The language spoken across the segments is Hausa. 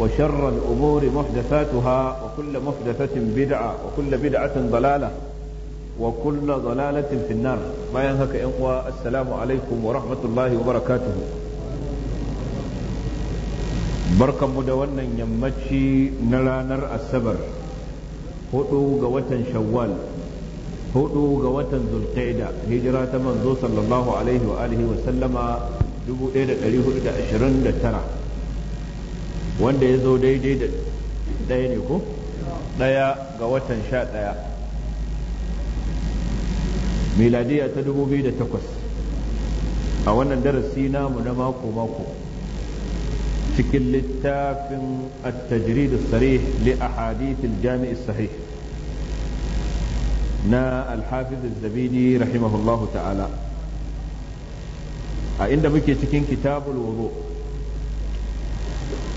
وشر الأمور محدثاتها وكل محدثة بدعة وكل بدعة ضلالة وكل ضلالة في النار ما ينهك إخوة السلام عليكم ورحمة الله وبركاته بركة مدونة يمتشي نلا نرأى السبر هدو قوة شوال هدو قوة ذو القعدة هجرة منذ صلى الله عليه وآله وسلم دبو إلى 129 wanda ya zo daidai da ɗaya ne ko ɗaya ga watan sha ɗaya miladiya ta dubu biyu da takwas a wannan darasi namu na mako-mako cikin littafin attajiri da as li ahadith al-jami' sahih na al-hafiz rahimahullahu ta'ala a inda muke cikin kitabul wudu'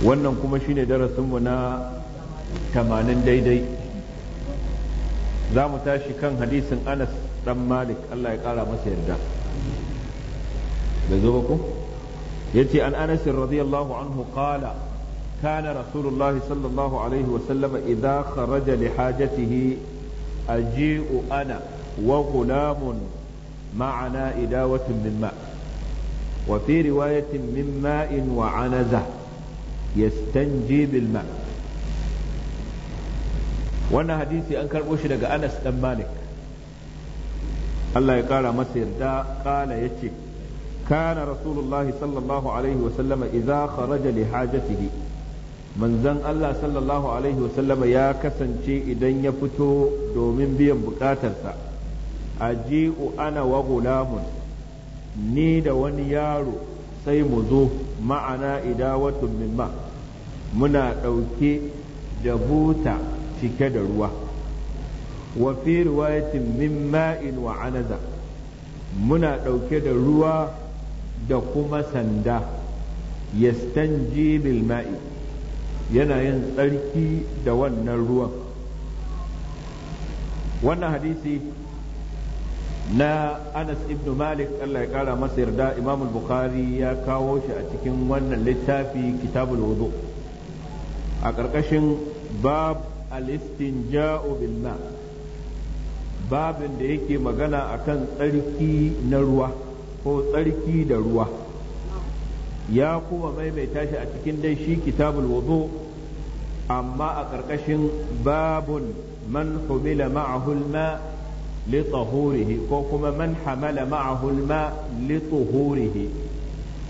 wannan kuma shine darasinmu na tamanin daidai za mu tashi kan hadisin anas ɗan malik allah ya kara masa yarda da zo ba an anas radiyallahu anhu qala kana rasulullah sallallahu alaihi wa sallama idza kharaja li hajatihi aji'u ana wa gulamun ma'ana idawatun min ma' وفي رواية من ماء وعنزه yastanji bil ma wannan hadisi an karbo shi daga Anas dan Malik Allah ya kara masa yarda kala yace kana rasulullah sallallahu alaihi wa sallama kharaja li hajatihi manzon Allah sallallahu alaihi wa sallama ya kasance idan ya fito domin biyan bukatarsa aji'u ana wa gulamun ni da wani yaro sai mu zo ma'ana idawatun min ma muna ɗauke da buta cike da ruwa wa fi riwayatin min ma'in wa anaza muna ɗauke da ruwa da kuma sanda yastanji bil ma'i yana yin tsarki da wannan ruwan wannan hadisi na Anas ibn Malik Allah ya kara masa yarda Imam Bukhari ya kawo shi a cikin wannan littafi Kitabul Wudu a ƙarƙashin bab al-istinja'u bil ma babin da yake magana akan tsarki na ruwa ko tsarki da ruwa ya kuma maimaita shi a cikin dai shi Kitabul Wudu amma a ƙarƙashin babun man humila ma'ahul ma' li tahurihi ko kuma man hamala ma'ahu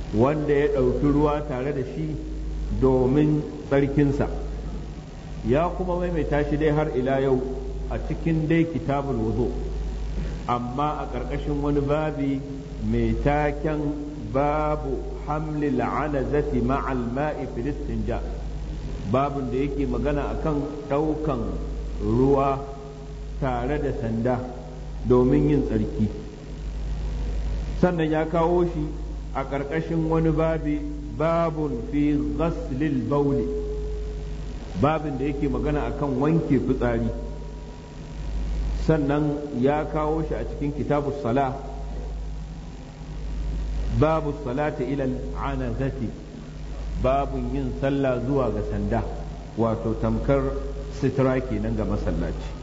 wanda ya ɗauki ruwa tare da shi domin tsarkinsa ya kuma maimaita shi dai har ila yau a cikin dai kitabul wudu amma a ƙarƙashin wani babi mai taken babu hamlil la'ana ma'al ma'i filistinja babin da yake magana akan ɗaukan ruwa tare da sanda domin yin tsarki sannan ya kawo shi a ƙarƙashin wani babi babun fi ghaslil bauli babin da yake magana akan wanke fitsari sannan ya kawo shi a cikin kitabu sala babu salata ilal anazati babun yin sallah zuwa ga sanda wato tamkar sitira kenan ga masallaci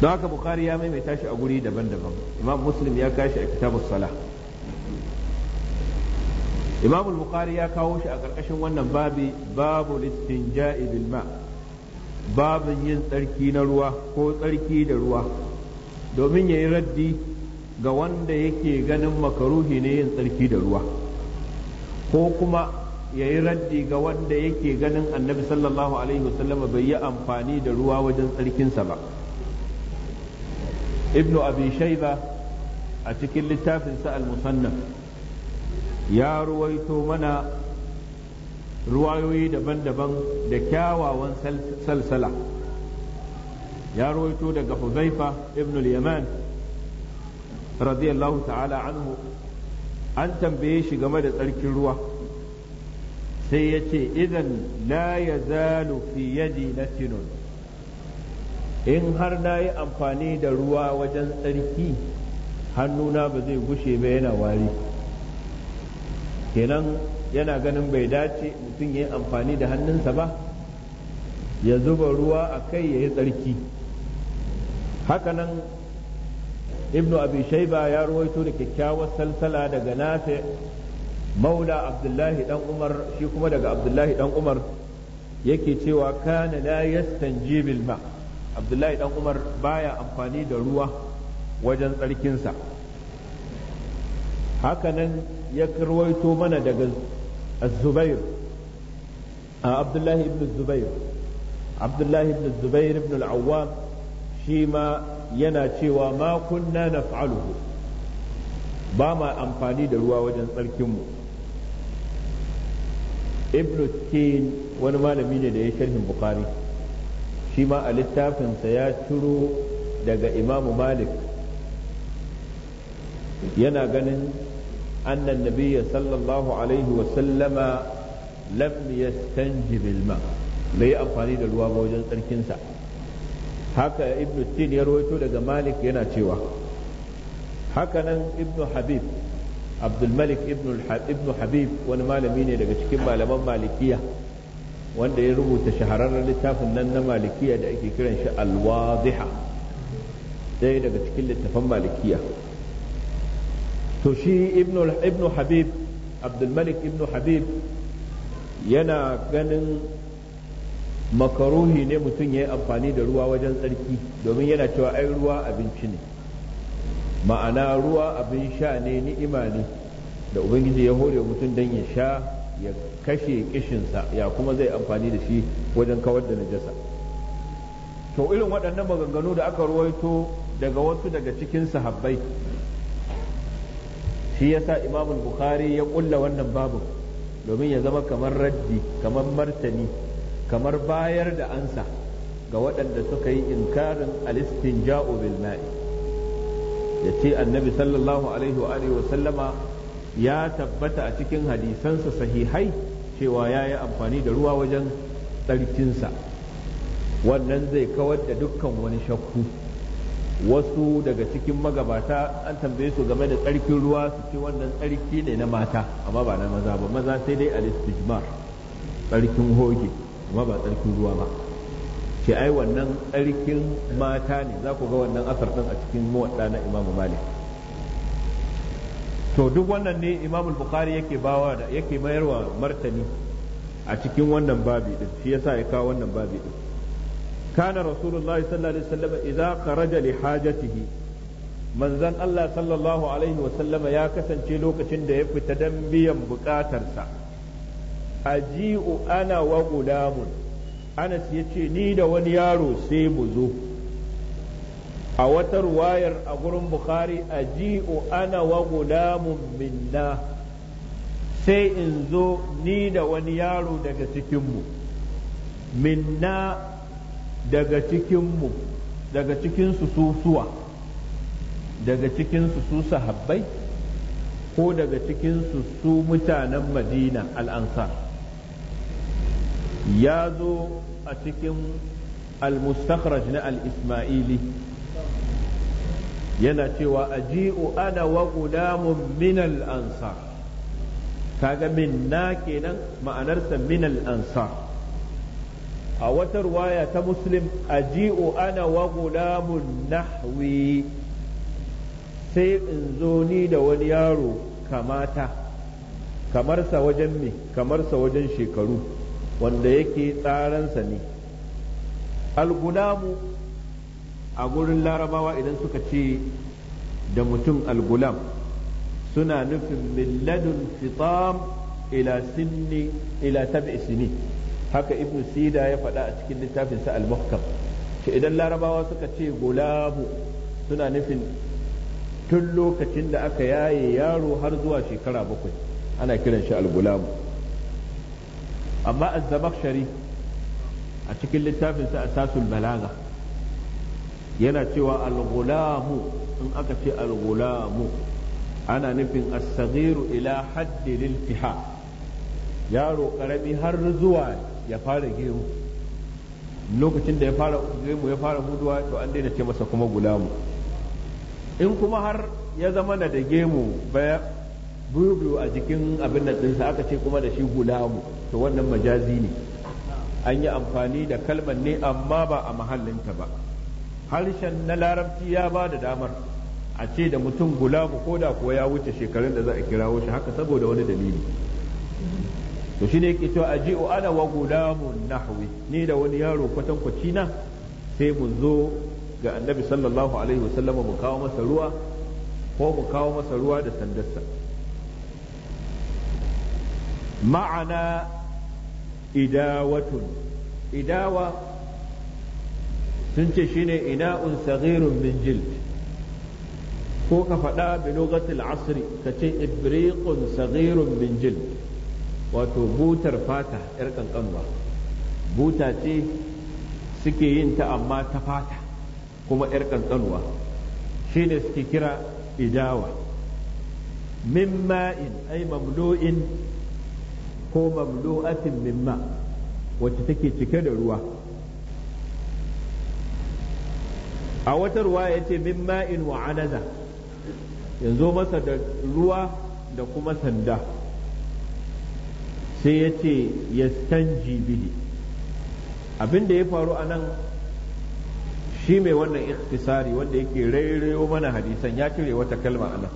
don haka bukari ya maimaita shi a guri daban-daban imam muslim ya kashi a kitabus sala. imam bukari ya kawo shi a ƙarƙashin wannan babi babu listinja'i bil ma babin yin tsarki na ruwa ko tsarki da ruwa domin ya yi raddi ga wanda yake ganin makaruhi ne yin tsarki da ruwa ko kuma ya yi raddi ga wanda yake ganin annabi sallallahu alaihi wasallama bai yi amfani da ruwa wajen tsarkinsa ba ibnu abi a cikin littafin sa al ya ruwaito mana ruwayoyi daban-daban da kyawawan salsala ya ruwaito daga huzaifa ibnul yaman radiyallahu ta'ala anhu an tambaye shi game da tsarkin ruwa sai ya ce idan na ya zalu fi yadi latinun in har na yi amfani da ruwa wajen tsarki hannuna ba zai gushe ba yana wari kenan yana ganin bai dace mutum ya yi amfani da hannunsa ba ya zuba ruwa a kai ya yi tsarki hakanan ibnu abi shaiba ya ruwaito da kyakkyawar salsala daga nafe maula abdullahi dan umar shi kuma daga abdullahi dan umar yake cewa kana la yastanji bil ma' abdullahi dan umar baya amfani da ruwa wajen tsarkinsa hakanan ya karwaito mana daga zubair a abdullahi ibn zubair abdullahi ibn zubair ibn al'awwam shi ma yana cewa ma kunna naf'aluhu ba ma amfani da ruwa wajen tsarkinmu ibn tin wani malami ne da ya sharhin bukari shi ma a littafinsa ya ciro daga imamu malik yana ganin annan nabiya sallallahu alaihi wasallama lam yastanji bilma bai amfani da ruwa ba wajen tsarkinsa haka ibnu tin ya rawaito daga malik yana cewa hakanan ibnu habib abdulmalik ibnu habib wani malami ne daga cikin malaman malikiya wanda ya rubuta shahararren littafin nan na malikiya da ake kiran shi alwaziha ɗaya daga cikin littafan malikiya to shi ibnu habib abdulmalik ibnu habib yana ganin makaruhi ne mutum ya yi amfani da ruwa wajen tsarki domin yana cewa ai ruwa abinci ne ma'ana ruwa abin sha ne ni'ima ne da ubangiji ya hore mutum dan ya sha ya kashe kishinsa ya kuma zai amfani da shi wajen kawar da najasa to irin waɗannan maganganu da aka ruwaito daga wasu daga cikin sahabbai shi yasa imam bukhari ya kulla wannan babu domin ya zama kamar raddi kamar martani kamar bayar da ansa ga waɗanda suka yi inkarin alistinja'u bil ma'i ya ce annabi sallallahu alaihi wa sallama ya tabbata a cikin hadisansa sahihai cewa ya yi amfani da ruwa wajen tsarkinsa wannan zai kawar da dukkan wani shakku wasu daga cikin magabata an tambaye su game da tsarkin ruwa su ce wannan tsarki ne na mata amma ba na maza ba maza sai dai a istijmar tsarkin hoge amma ba tsarkin ruwa ba Ke ai wannan tsarkin mata ne za ku ga wannan asar ɗin a cikin muwadda na imamu malik to duk wannan ne imam bukhari yake bawa da yake mayarwa martani a cikin wannan babi din shi yasa ya kawo wannan babi din kana rasulullahi sallallahu alaihi wasallam idza kharaja li hajatihi manzon Allah sallallahu alaihi wasallam ya kasance lokacin da ya fita dan biyan bukatarsa aji'u ana wa gulamun Anas yace ni da wani yaro sai mu zo a wata ruwayar a gurin bukhari a ji'u ana wa gulamun minna sai in zo ni da wani yaro daga cikinmu minna daga cikinmu daga cikinsu susuwa daga cikinsu su sahabbai ko daga cikinsu su mutanen madina al'ansar ya zo a cikin al na al-ismaili yana cewa aji'u ana wa gudamun minal ansar kaga minna kenan ma'anarsa minal ansar a wata ruwaya ta muslim aji'u ana wa gudamun nahwi sai in zo ni da wani yaro kamata kamarsa wajen me kamarsa wajen shekaru wanda yake tsaransa ne al-gulamu a gurin larabawa idan suka ce da mutum algulam suna nufin milladun fitam ila sinni ila tabi sini haka ibnu sida ya faɗa a cikin littafinsa al-muhkam ce idan larabawa suka ce gulamu suna nufin tun lokacin da aka yaye yaro har zuwa shekara bakwai ana kiran shi al-gulamu amma az-zamakhshari a cikin littafinsa asasul balaga yana cewa al-ghulamu in aka ce al-ghulamu ana nufin as-saghiru ila haddi lilfiha yaro karami har zuwa ya fara gemu lokacin da ya fara gemu ya fara huduwa to an daina ce masa kuma gulamu in kuma har ya zama na da gemu baya biyu a jikin abin da ɗinsa aka ce kuma da shi gulamu to wannan majazi ne an yi amfani da kalmar ne amma ba a mahallinta ba harshen na larabci ya ba da damar a ce da mutum gulamu ko da kuwa ya wuce shekarun da za a kirawo shi haka saboda wani dalili to shi ne kito a aji'u ana wa na nahwi ni da wani yaro kwatan na sai mu zo ga annabi sallallahu alaihi wasallama mu kawo masa ruwa ko mu kawo masa ruwa da sandarsa ma'ana idawatun idawa sun ce shine ina'un saghirun min jild ko ka faɗa bi lugatil asri ka ce ibriqun saghirun min jild wato butar fata yar kankanwa buta ce suke yin ta amma ta fata kuma yar kankanwa shine suke kira idawa min ma'in ay mamlu'in ko mamlu'atin min ma wacce take cike da ruwa a wata ruwa ya ce min ma'in wa anaza yanzu masa da ruwa da kuma sanda sai ya ce yastanji bihi abin ya faru a nan shi mai wannan ikhtisari wanda yake rairayo mana hadisan ya cire wata kalma a nan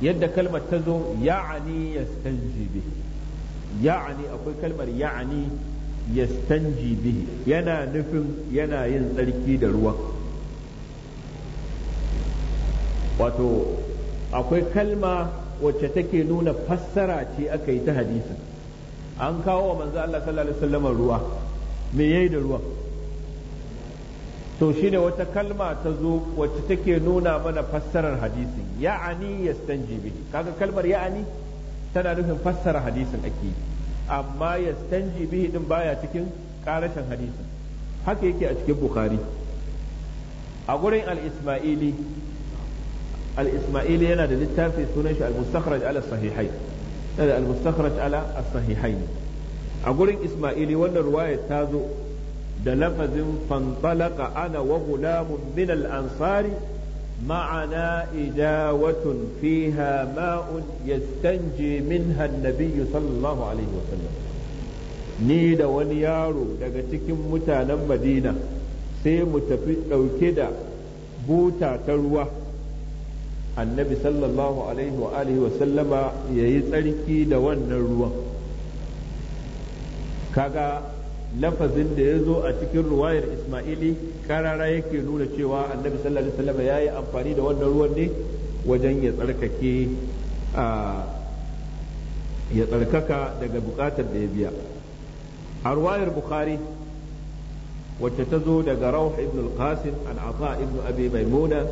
yadda kalmar ta zo ya'ani ya yastanji bihi ya'ani akwai kalmar ya'ani ya yastanji bihi yana nufin yana yin tsarki da ruwan wato akwai kalma wacce take nuna fassara ce aka yi ta hadisi an kawo wa manzo Allah sallallahu alaihi wasallam ruwa me yayi da ruwa to shine wata kalma ta zo wacce take nuna mana fassarar hadisin ya'ani yastanji bihi kaga kalmar ya'ani tana nufin fassara hadisin ake amma yastanji bihi din baya cikin karashin hadisin haka yake a cikin bukhari a gurin al-isma'ili al-isma'ili yana da littafi sunan shi ala sahihai a gurin isma'ili wannan ruwaya ta zo da lafazin fantalaka ana wa gulamun min al-ansari معنا إداوة فيها ماء يستنجي منها النبي صلى الله عليه وسلم ni da wani yaro daga cikin mutanen madina sai mu tafi ɗauke da buta ta ruwa annabi sallallahu alaihi wa alihi wa sallama yayi tsarki da wannan ruwan kaga lafazin da ya zo a cikin ruwayar isma'ili karara yake nuna cewa annabi sallallahu alaihi wa sallama yayi amfani da wannan ruwan ne wajen ya tsarkake ya tsarkaka daga bukatar da ya biya a ruwayar bukhari wacce ta zo daga rauh ibn al-qasim an ata ibn abi maimuna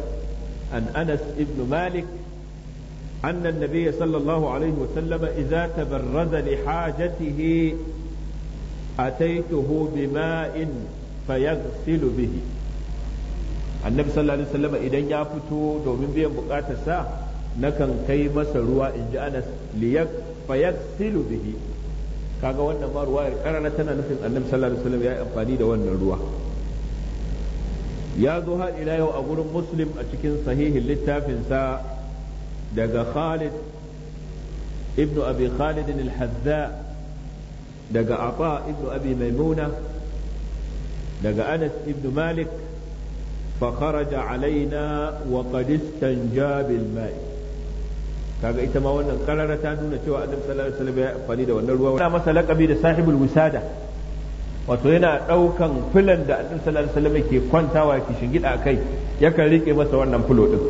عن أنس بن مالك أن النبي صلى الله عليه وسلم إذا تبرز لحاجته أتيته بماء فيغسل به النبي صلى الله عليه وسلم إذا يفتو دومين بيان بقاتسا نكن كي مسروا إن جاء أنس فيغسل به kaga wannan ma ruwayar karana tana nufin annabi sallallahu alaihi wasallam ya yi amfani da wannan ruwa ya zo har yau a wurin muslim a cikin sahihin littafinsa daga khalid ibnu abi khalid al-hazza daga ata ibnu abi maimuna daga anas ibnu malik فخرج علينا وقد استنجى بالماء kaga ita ma wannan karara ta nuna cewa annabi sallallahu alaihi wasallam ya amfani da wannan ruwa ana masa laqabi da sahibul wisada wato yana ɗaukan filan da annabi sallallahu alaihi wasallam ke kwantawa ki shingida kai, yakan rike masa wannan filo din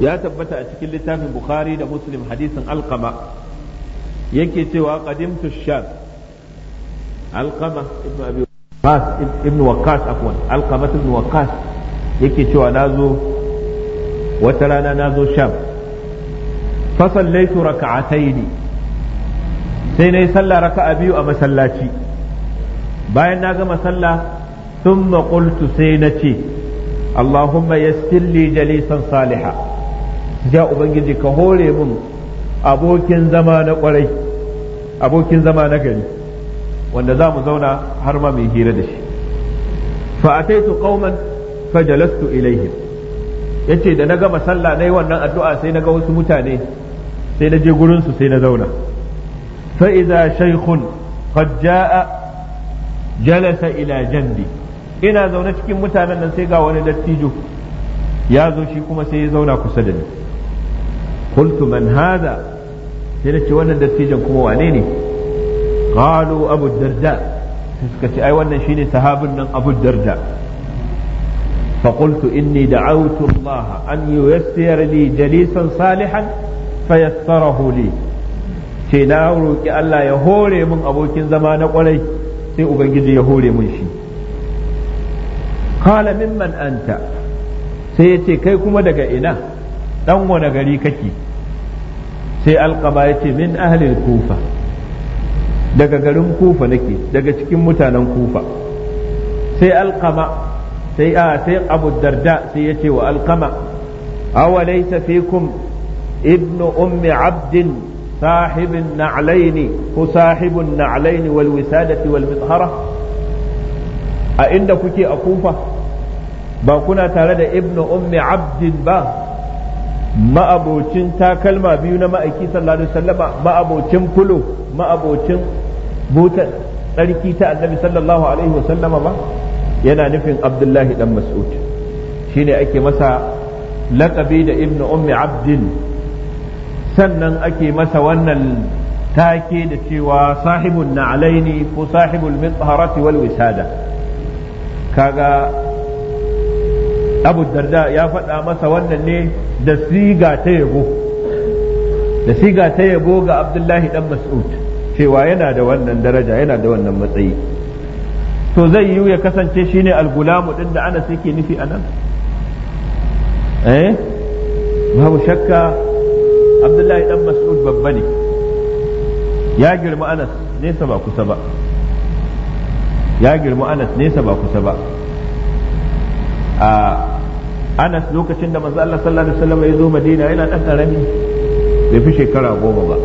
ya tabbata a cikin littafin bukhari da muslim hadisin alqama yake cewa qadimtu shab alqama ibnu abi waqas ibnu waqas afwan alqama ibnu waqas yake cewa nazo wata rana nazo shab fa sallaitu raka'ataini sai nayi sallah raka'a biyu a masallaci bayan na gama sallah thumma maƙultu sai na ce Allahumma ya li jalisan saliha ja ubangiji ka hore mun abokin zama na kwarai abokin zama na gari wanda za mu zauna har ma mai hira da shi fa ataitu qauman fajalastu ilaihim yace da na gama sallah nayi wannan addu'a sai na ga wasu mutane sai na je gurin su sai na zauna fa idza shaykhun qad jaa jalasa ila jambi ina zaune cikin mutanen nan sai ga wani dattijo ya zo shi kuma sai ya zauna kusa da ni qultu man hada sai nace wannan dattijon kuma wane ne qalu abu darda suka ce ai wannan shine sahabin nan abu darda فقلت إني دعوت الله أن ييسر لي جليسا صالحا فيسره لي ce na roƙi Allah ya hore min abokin zama na ƙwarai sai ubangiji ya hore mun shi kala mimman anta sai ya ce kai kuma daga ina dan wane gari kake sai alqaba ya ce min ahlil kufa daga garin kufa nake daga cikin mutanen kufa sai alqama sai a sai abu darda sai ya ce wa alqama awalaita fikum ibnu ummi abdin صاحب النعلين هو صاحب النعلين والوسادة والمطهرة أئند كوكي أكوفة باكونا تارد ابن أم عبد با ما أبوتين تاكلما بيونا ما أكي صلى الله عليه وسلم ما أبوتين كله ما أبوتين بوتا tsarki ta annabi sallallahu alaihi wasallama ba yana nufin abdullahi dan mas'ud shine ake masa laƙabi da ibnu ummi abdin sannan ake masa wannan take da cewa sahibun na'alaini ko sahibul mitharati wal wisada kaga abu darda ya faɗa masa wannan ne da siga ta yabo da siga ta yabo ga abdullahi dan mas'ud cewa yana da wannan daraja yana da wannan matsayi to zai yiwu ya kasance shine algulamu din da anas yake nufi anan eh babu shakka abdullahi dan mas'ud babba ne ya girma anas nesa ba kusa ba ya girma anas nesa ba kusa ba a anas lokacin da manzo Allah sallallahu alaihi wasallam ya zo madina yana dan karami bai fi shekara goma ba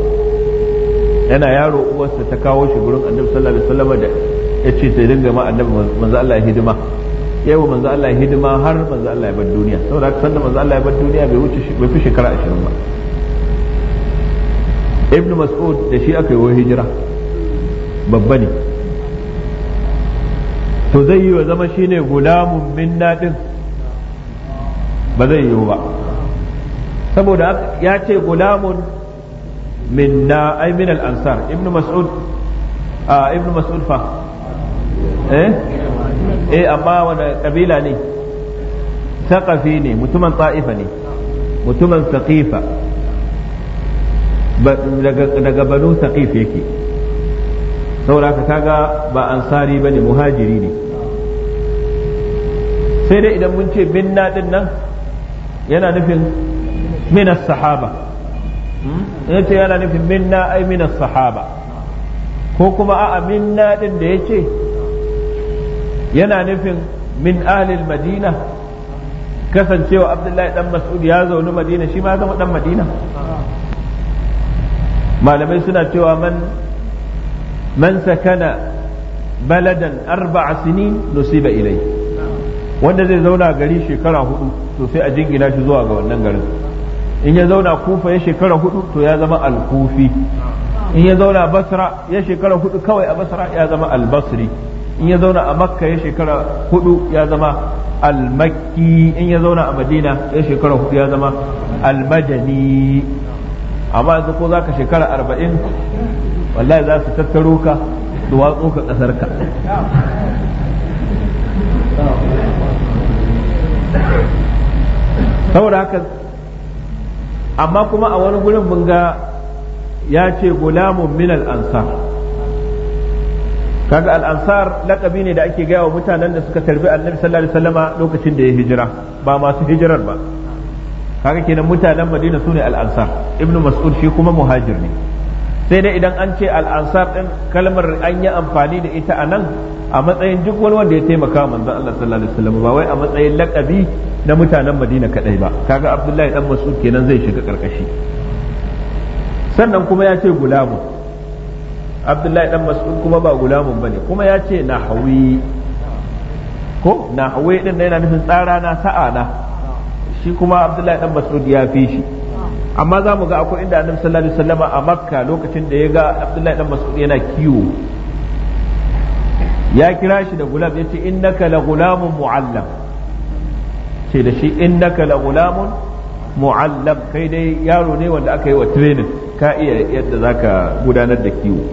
yana yaro uwarsa ta kawo shi gurin annabi sallallahu alaihi wasallam da ya ce ta dinga ma annabi manzo Allah hidima yau wa manzo Allah hidima har manzo Allah ya bar duniya saboda haka sanda manzo Allah ya bar duniya bai wuce bai fi shekara 20 ba ibn mas'ud da shi aka yi wa hijira babba ne to zai yi wa zama shi ne gulamun minna din ba zai yi ba saboda ya ce gulamun minna ai min al-ansar ibn mas'ud a ibn mas'ud fa eh eh amma wani ƙabila ne saqafi ne mutumin ta'ifa ne mutumin saqifa daga banu saqif yake saboda ka kaga ba ansari bane muhajiri ne sai dai idan mun ce minna din nan yana nufin minas sahaba hmm? in ce yana nufin minna ai minas sahaba ko kuma a'a minna din da ya ce yana nufin min ahlil madina kasancewa abdullahi dan mas'ud ya zaune madina shi ma zama dan madina malamai suna cewa man man sakana baladan arba'a sinin nusiba ilai wanda zai zauna gari shekara hudu to sai a jingina shi zuwa ga wannan garin in ya zauna kufa ya shekara hudu to ya zama alkufi in ya zauna basra ya shekara hudu kawai a basra ya zama albasri in ya zauna a makka ya shekara hudu ya zama almakki in ya zauna a madina ya shekara hudu ya zama almadani amma yanzu ko za ka shekara arba'in wallahi za su tattaro ka duwatsu ka ƙasar ka saboda haka amma kuma a wani gurin mun ga ya ce gulamun min ansar kaga al'ansar lakabi ne da ake gaya wa mutanen da suka tarbi annabi sallallahu alaihi wasallama lokacin da ya hijira ba masu hijirar ba kaga kenan mutanen madina sune al-ansar ibnu mas'ud shi kuma muhajir ne sai dai idan an ce al-ansar din kalmar an yi amfani da ita anan a matsayin duk wani wanda ya taimaka manzo Allah sallallahu alaihi wasallam ba wai a matsayin laqabi na mutanen madina kadai ba kaga abdullahi dan mas'ud kenan zai shiga karkashi sannan kuma ya ce gulamu abdullahi dan mas'ud kuma ba gulamun bane kuma ya ce nahawi ko nahawi din yana nufin tsara na sa'a na shi kuma abdullahi dan masudi ya fi shi amma za mu ga akwai inda annabi sallallahu alaihi wasallama a makka lokacin da ya ga abdullahi dan masudi yana kiwo ya kira shi da gulam yace innaka la gulamun muallam ce da shi innaka la gulamun muallam kai dai yaro ne wanda aka yi wa training ka iya yadda zaka gudanar da kiwo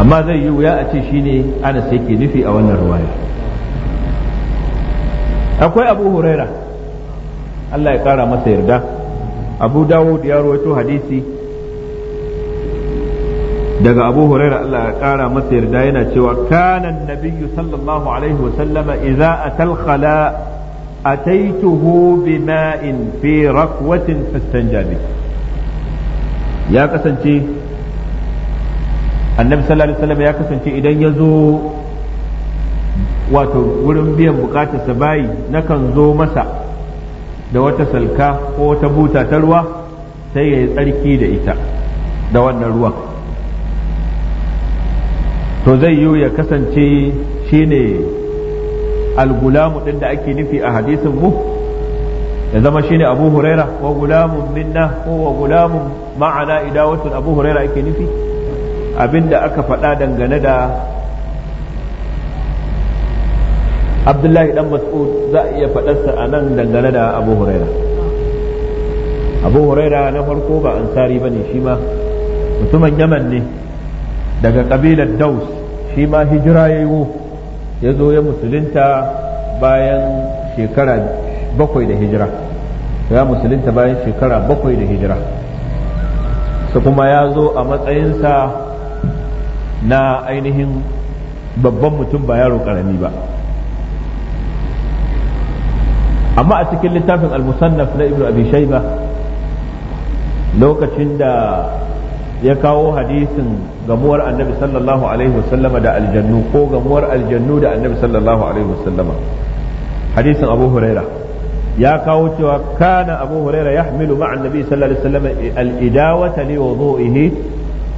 amma zai yi wuya a ce shine anas ke nufi a wannan ruwaya akwai abu huraira Allah ya kara masa yarda abu dawud ya rawaito hadisi daga abu huraira Allah ya kara masa yarda yana cewa kana nabiyyu sallallahu alaihi wa sallama idza atal khala ataituhu bima'in fi rakwatin fastanja ya kasance annabi sallallahu alaihi wasallam ya kasance idan ya zo wato wurin biyan sa bayi nakan zo masa da wata salka ko wata buta ta ruwa sai ya yi tsarki da ita da wannan ruwan to zai yiwu ya kasance shine algulamu ɗin da ake nufi a hadisin mu ya zama shine abu huraira wa gulamun minna ko wa gulamun ma'ana idawatun abu huraira ake nufi abinda aka faɗa dangane da abdullahi dan mas'ud za a iya faɗarsa a nan dangane da abu huraira abu huraira na farko ba ansari ba ne shi ma mutumin yaman ne daga kabilar daus shi ma hijira ya yi ya zo ya musulunta bayan shekara bakwai da hijira ya musulunta bayan shekara bakwai da hijira su kuma ya zo a matsayinsa na ainihin babban mutum ba yaro karami ba amma a cikin littafin al-musannaf na ibnu abi shayba lokacin da ya kawo hadisin gamuwar annabi sallallahu alaihi wasallama da aljannu ko gamuwar aljannu da annabi sallallahu alaihi wasallama hadisin abu huraira ya kawo cewa kana abu huraira ya hamilu ma'an nabi sallallahu alaihi wasallama al-idawata li wudu'ihi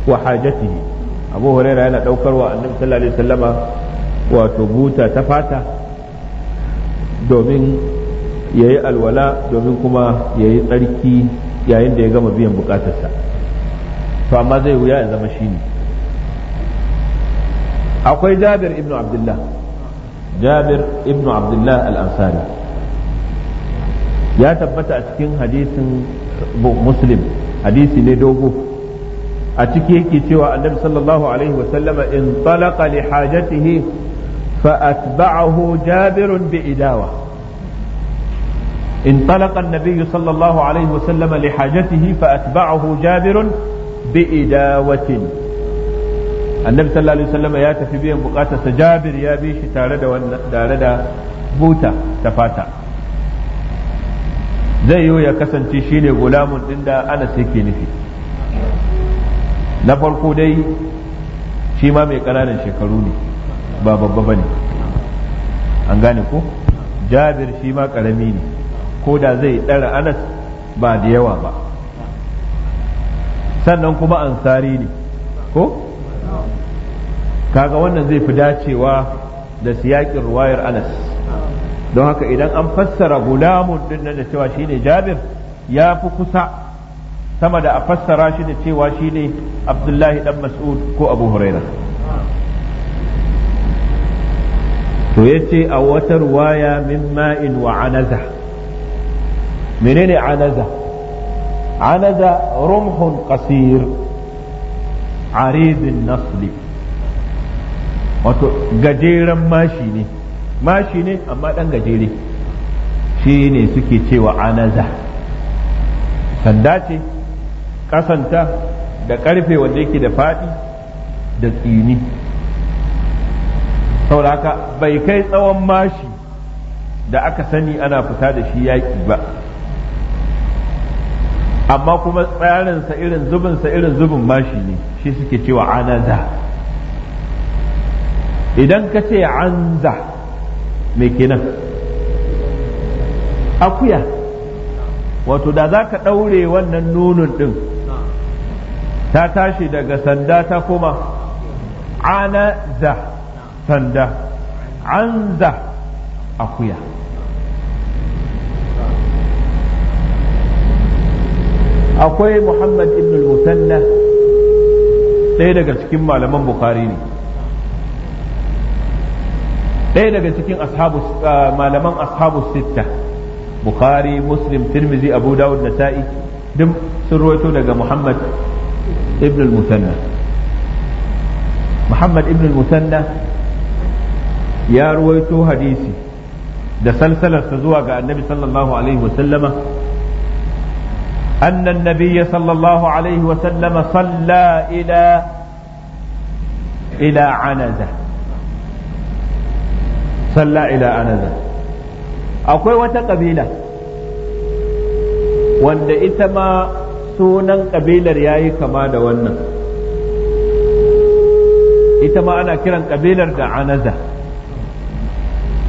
wa hajatihi abu huraira yana daukarwa annabi sallallahu alaihi wasallama wato buta ta fata domin ya yi alwala domin kuma ya yi tsarki yayin da ya gama biyan bukatarsa to amma zai wuya ya zama shi ne akwai jabir ibn abdullah jabir ibn abdullah al ya tabbata a cikin hadisin muslim hadisi ne dogo a ciki yake cewa annabi sallallahu alaihi wasallama in talaqa li hajatihi fa atba'ahu jabirun bi idawa انطلق النبي صلى الله عليه وسلم لحاجته فأتبعه جابر بإداوة النبي صلى الله عليه وسلم ياتي بين بقاتة جابر يا بيش تارد buta ta fata zai yiwu ya kasance shine gulamun din da anas yake nufi na dai shi ma mai ƙananan shekaru ne ba babba ba ne an gane jabir shi ma ƙarami ne ko da zai ɗara anas ba da yawa ba sannan kuma ansari ne ko kaga wannan zai fi dacewa da siyakin ruwayar anas don haka idan an fassara gulamun din da cewa shine jabir ya fi kusa sama da a fassara shi da cewa shine abdullahi dan mas'ud ko abu huraira to yace a wata ruwaya min ma'in wa anaza menene anaza anaza rumhun qasir aridin nasli wato gajeren mashi ne mashi ne amma dan gajere shi ne suke cewa anaza sanda ce kasanta da karfe wanda yake da faɗi da tsini haka bai kai tsawon mashi da aka sani ana fita da shi yaƙi ba amma kuma tsarinsa irin zubinsa irin zubin mashi ne shi suke cewa anaza idan ka ce anza me kenan akuya wato da za ka ɗaure wannan nunin ɗin ta tashi daga sanda ta kuma anaza sanda anza akuya akwai muhammad ibn al-musanna ɗaya daga cikin malaman bukhari ne ɗaya daga cikin ah, malaman ashabu sitta bukhari muslim tirmizi abu dawud nasa'i duk sun rawaito daga muhammad ibn al-musanna muhammad ibn al-musanna ya rawaito hadisi da salsalarsa zuwa ga annabi sallallahu alaihi wasallama أن النبي صلى الله عليه وسلم صلى إلى إلى عنزة صلى إلى wanda ita ma sunan ƙabilar ya yi kama da wannan ita ma ana kiran ƙabilar da anaza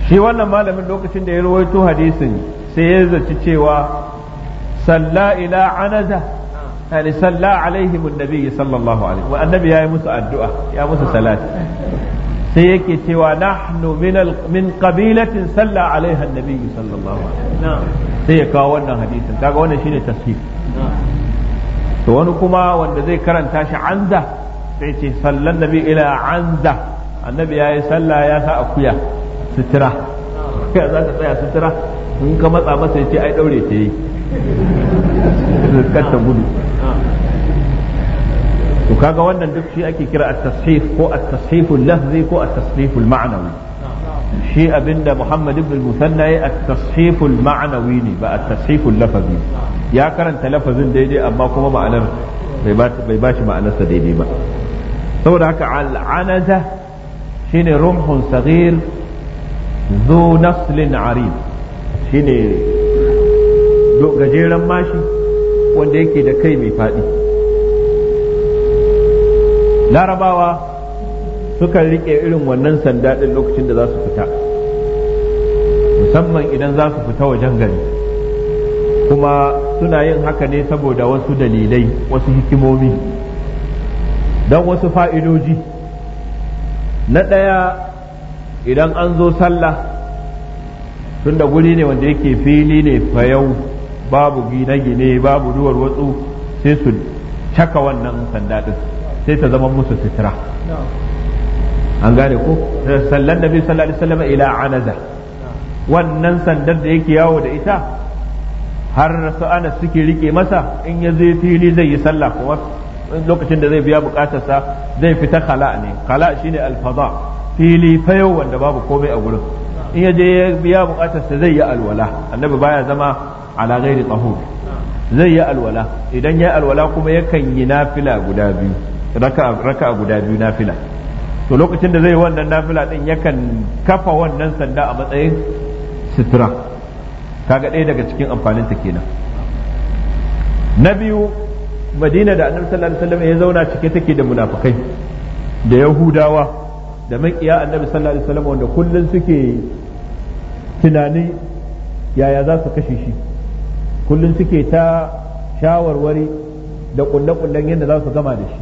shi wannan malamin lokacin da ya rawaito hadisin sai ya zaci cewa salla ila anaza yani salla alaihim annabi sallallahu alaihi wa annabi yayi musu addu'a ya musu salati sai yake cewa nahnu min min qabilatin salla alaiha annabi sallallahu alaihi sai ya kawo wannan hadisin kaga wannan shine tasfif to wani kuma wanda zai karanta shi anza sai ce sallan nabi ila anza annabi ya yi salla ya akuya sutura ya za ka tsaya sitira? in ka matsa masa ya ce ai daure ta yi riskar ta gudu to kaga wannan duk shi ake kira at-tashif ko at-tashiful lafzi ko at-tashiful ma'nawi shi abinda Muhammad ibn musanna yayi at-tashiful ma'nawi ne ba at-tashiful lafzi ya karanta lafazin daidai amma kuma ma'anar bai bashi ma'anarsa daidai ba saboda haka al shine rumhun saghir zu naslin arid shine gajeren mashi wanda yake da kai mai faɗi larabawa sukan riƙe irin wannan sanda ɗin lokacin da za su fita musamman idan za su fita wajen gari kuma suna yin haka ne saboda wasu dalilai wasu hikimomi don wasu fa'idoji na ɗaya idan an zo sallah tunda guri ne wanda yake fili ne fayau babu gine-gine babu duwar watsu sai su caka wannan sanda din sai ta zama musu sitira an gane ko sallan nabi sallallahu alaihi wasallam ila anaza wannan sandar da yake yawo da ita har su anas suke rike masa in ya je fili zai yi sallah kuma lokacin da zai biya sa zai fita khala ne khala shine alfada fili fayo wanda babu komai a gurin in ya je ya biya sa zai yi alwala annabi baya zama ala ghairi tahur zai yi alwala idan ya alwala kuma yakan yi nafila guda biyu raka raka guda biyu nafila to lokacin da zai wannan nafila din yakan kafa wannan sanda a matsayin sutura kaga ɗaya daga cikin amfanin ta kenan na biyu madina da annabi sallallahu alaihi wasallam ya zauna cike take da munafikai da yahudawa da makiya annabi sallallahu alaihi wasallam wanda kullun suke tunani yaya za su kashe shi kullum suke ta shawarwari da kulle-kullen yadda za su gama da shi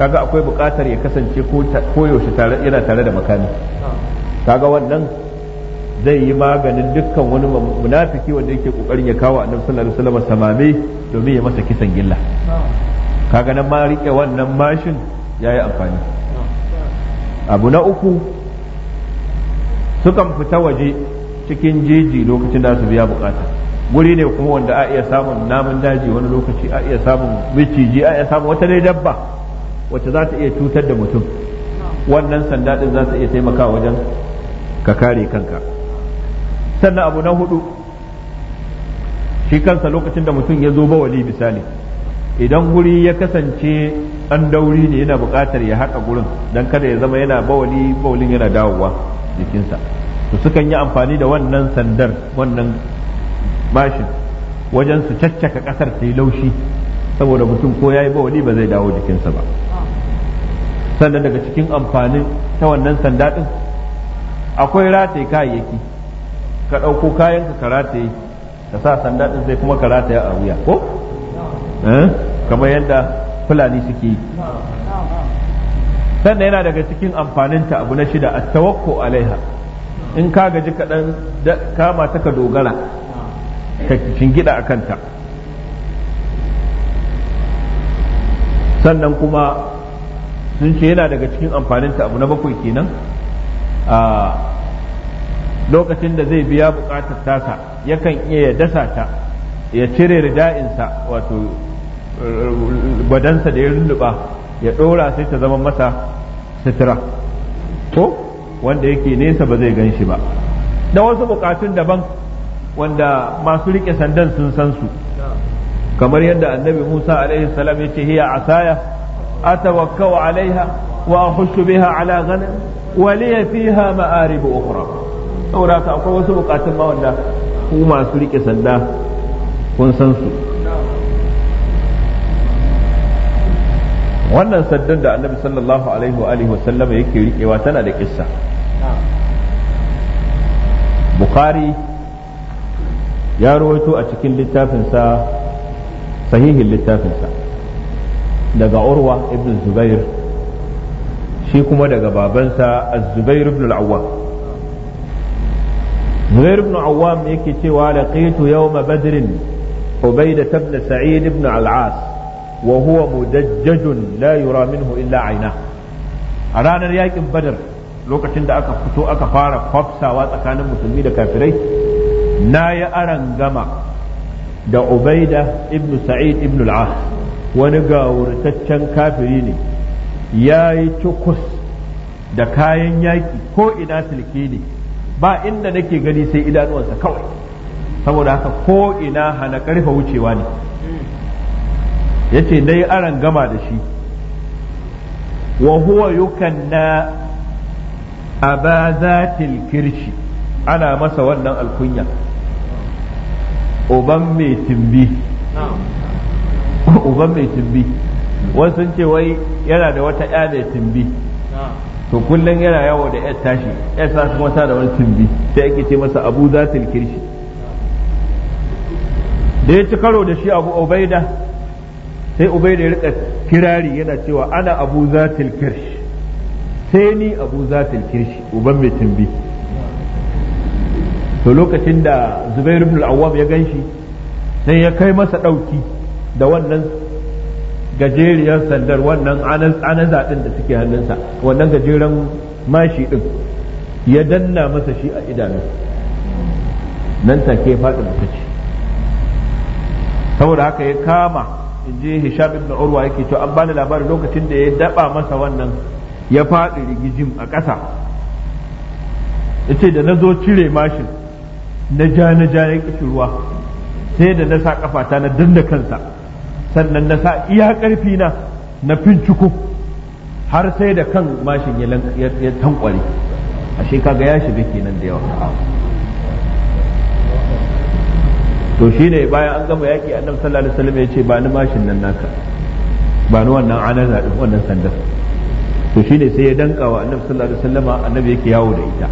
kaga akwai bukatar ya kasance koyaushe yana tare da makami kaga wannan zai yi maganin dukkan wani munafiki wanda yake kokarin ya kawo annabi sallallahu alaihi wasallam samame domin ya masa kisan gilla kaga nan ma rike wannan mashin yayi amfani abu na uku sukan fita waje cikin jeji lokacin da su biya bukata guri ne kuma wanda a iya samun namun daji wani lokaci a iya samun miciji a iya samun wata dai dabba wacce za ta iya cutar da mutum wannan sanda din za ta iya taimaka wajen ka kare kanka sannan abu na hudu shi kansa lokacin da mutum ya zo bawali misali idan guri ya kasance an dauri ne yana buƙatar ya haɗa gurin don kada ya zama yana bawali bawalin yana dawowa jikinsa to sukan yi amfani da wannan sandar wannan bashin wajen su caccaka kasar ta yi laushi saboda mutum ko yayi bawali ba zai dawo jikinsa ba sannan daga cikin amfanin ta wannan sanda din akwai rataye kayayyaki ka ɗauko kayan ka rataye ka sa sanda din sai kuma ka rataye a wuya ko eh, kamar yadda fulani suke yi sannan yana daga cikin ta abu na shida a tawakko alaiha in ka gaji kaɗan kama ta ka dogara ka gida a kanta sannan kuma sun ce yana daga cikin amfanin ta abu na bakwai kenan a lokacin da zai biya bukatar tasa yakan iya ya dasa ta ya cire rida'insa wato badansa da ya lulluɓa ya ɗora sai ta zama masa sitira ko wanda yake nesa ba zai gan shi ba da wasu bukatun daban wanda masu rike sandan sun san su kamar yadda annabi Musa alaihi salam ya ce hiya asaya atawakkau alaiha wa ahushu biha ala ghanam wa li fiha ma'arib ukhra saboda haka akwai wasu bukatun ma wanda ku masu rike sanda kun san su wannan saddan da annabi sallallahu alaihi wa alihi wasallam yake rikewa tana da kissa bukhari ya rawaito a cikin littafinsa sahihin littafinsa daga urwa ibn zubair shi kuma daga babansa az-zubair ibn al zubair ibn awwam yake cewa laqitu yawma badr ubayda ibn sa'id ibn al-as wa huwa mudajjajun la yura minhu illa ayna a ranar yakin badar lokacin da aka fito aka fara kwafsawa tsakanin musulmi da kafirai na yi aran gama da ubaida ibn sa'id ibn al wani gawurtaccen kafiri ne ya yi cukus da kayan yaƙi ko ina silke ne ba inda nake gani sai idanuwansa kawai saboda haka ko ina hana karfa wucewa ne yace na yi aran gama da shi wa huwa yukanna aba zatil kirshi ana masa wannan alkunya uban mai timbi uban mai timbi wasu ce wai yana da wata ya mai timbi to kullum yana yawo da yar tashi yar sa kuma ta da wani timbi sai ake ce masa abu za ta kirshi da ya ci karo da shi abu ubaida sai ubaida ya rika kirari yana cewa ana abu za ta kirshi sai ni abu za ta kirshi uban mai timbi to lokacin da Zubairu ibn al-Awwam ya ganshi sai ya kai masa dauki da wannan gajeriyar sandar wannan anaza din da suke hannunsa wannan gajeren mashi din ya danna masa shi a idanu nan take faɗi da ce saboda haka ya kama in je hisham ibn urwa yake to an bani labarin lokacin da ya daba masa wannan ya faɗi rigijin a ƙasa yace da na zo cire mashin na ja na ja ya kafi ruwa sai da na sa kafata na danda kansa sannan na sa iya karfi na na finciko har sai da kan mashin ya tankware ashe kaga ya shiga kenan da yawa to shine bayan an gama yaƙi annabi sallallahu alaihi wasallam ya ce ba ni mashin nan naka ba ni wannan anaza din wannan sandar to shine sai ya danka wa annabi sallallahu alaihi wasallam annabi yake yawo da ita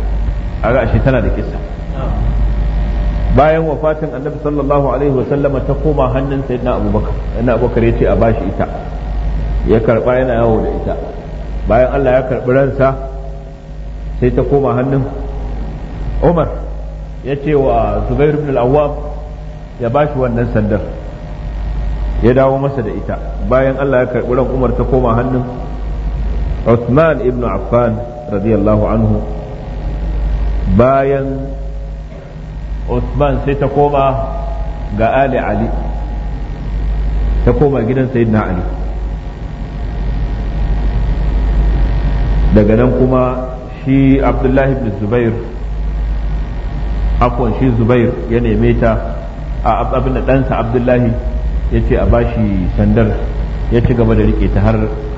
ga ashe tana da kissa bayan wafatin annabi sallallahu alaihi wa sallama ta koma hannun sayyidina abubakar yana abubakar ya ce a bashi ita ya karba yana yawo da ita bayan Allah ya karbi ransa sai ta koma hannun Umar ya ce wa Zubair ibn al awwam ya bashi wannan sandar ya dawo masa da ita bayan Allah ya karbi ran Umar ta koma hannun Uthman ibn Affan radiyallahu anhu bayan Usman sai ta koma ga Ali Ali ta koma gidan Sayyidina Ali daga nan kuma shi Abdullahi ibn Zubair afwan shi Zubair ya neme ta a abin da ɗansa Abdullahi ya ce a bashi sandar ya ci gaba da riƙe ta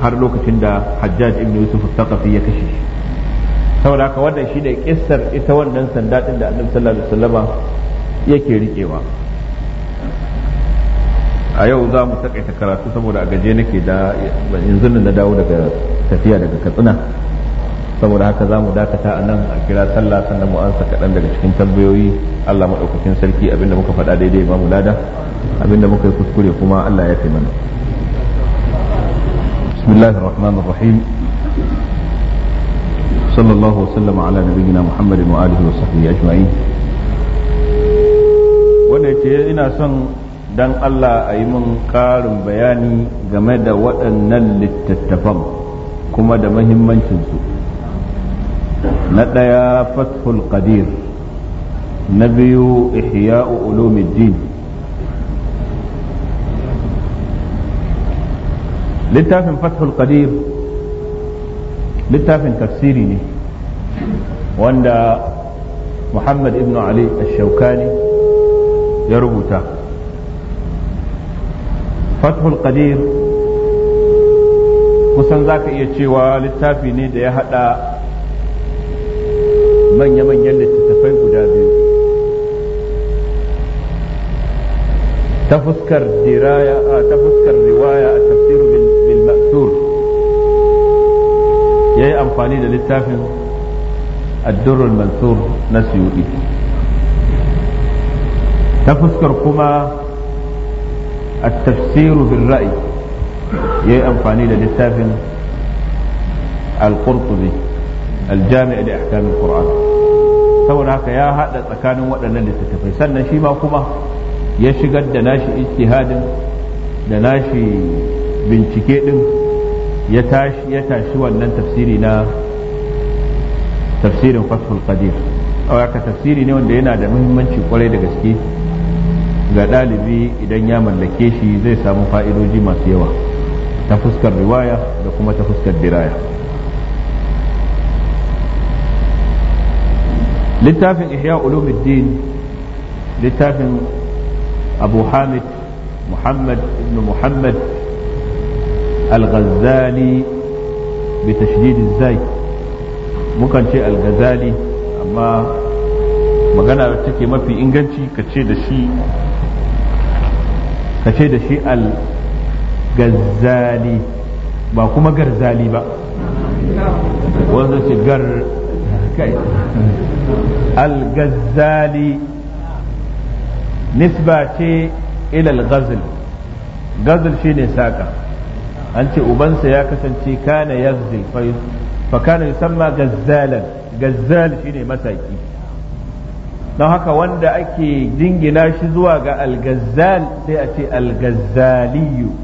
har lokacin da Hajjaj ibn Yusuf Taqafi ya kashe shi saboda haka wannan shi ne kissar ita wannan sanda din da annabi sallallahu alaihi wasallama yake rikewa a yau za mu takaita karatu saboda a gaje nake da yanzu na dawo daga tafiya daga katsina saboda haka za mu dakata a nan a kira sallah sannan mu ansa kaɗan daga cikin tambayoyi Allah maɗaukakin sarki abinda muka faɗa daidai ba mu lada abinda muka yi kuskure kuma Allah ya fi mana bismillahir rahmanir rahim صلى الله وسلم على ina son dan Allah a yi min ƙarin bayani game da waɗannan littattafan kuma da mahimmancinsu na ɗaya fathul qadir na biyu ihya'u ulumuddin littafin fathul qadir littafin tafsiri ne wanda muhammad ibn ali al ya rubuta fathul qadir kusan za ka iya cewa littafi ne da ya hada manya-manyan littattafai guda biyu ta fuskar diraya ta fuskar riwaya a ya yi amfani da littafin addurul mansur na suyuɗi ta fuskar kuma a tafsiru bin ra'i ya yi amfani da littafin al-qurtubi al-jami'a da ahkamin qur'an saboda haka ya haɗa tsakanin waɗannan littattafai sannan shi ma kuma ya shigar da nashi ijtihadin da nashi bincike ɗin ya tashi ya tashi wannan tafsiri na tafsirin fathul qadir haka tafsiri ne wanda yana da muhimmanci kwarai da gaske ga ɗalibi idan ya mallake shi zai samu fa'idoji masu yawa ta fuskar riwaya da kuma ta fuskar diraya littafin ihya ulumuddin littafin abu hamid muhammad ibn muhammad al-ghazali bi tashdid zai mukan ce al-ghazali amma magana take mafi inganci ka ce da shi ka ba kuma garzali ba wanda ce gar kai al-ghazali nisba ce ila al-ghazl saka an ce ubansa ya kasance kana yaghzil fa kana yusamma gazzalan gazzal shine masaki don haka wanda ake dingina shi zuwa ga algazzal sai a ce algazzaliyu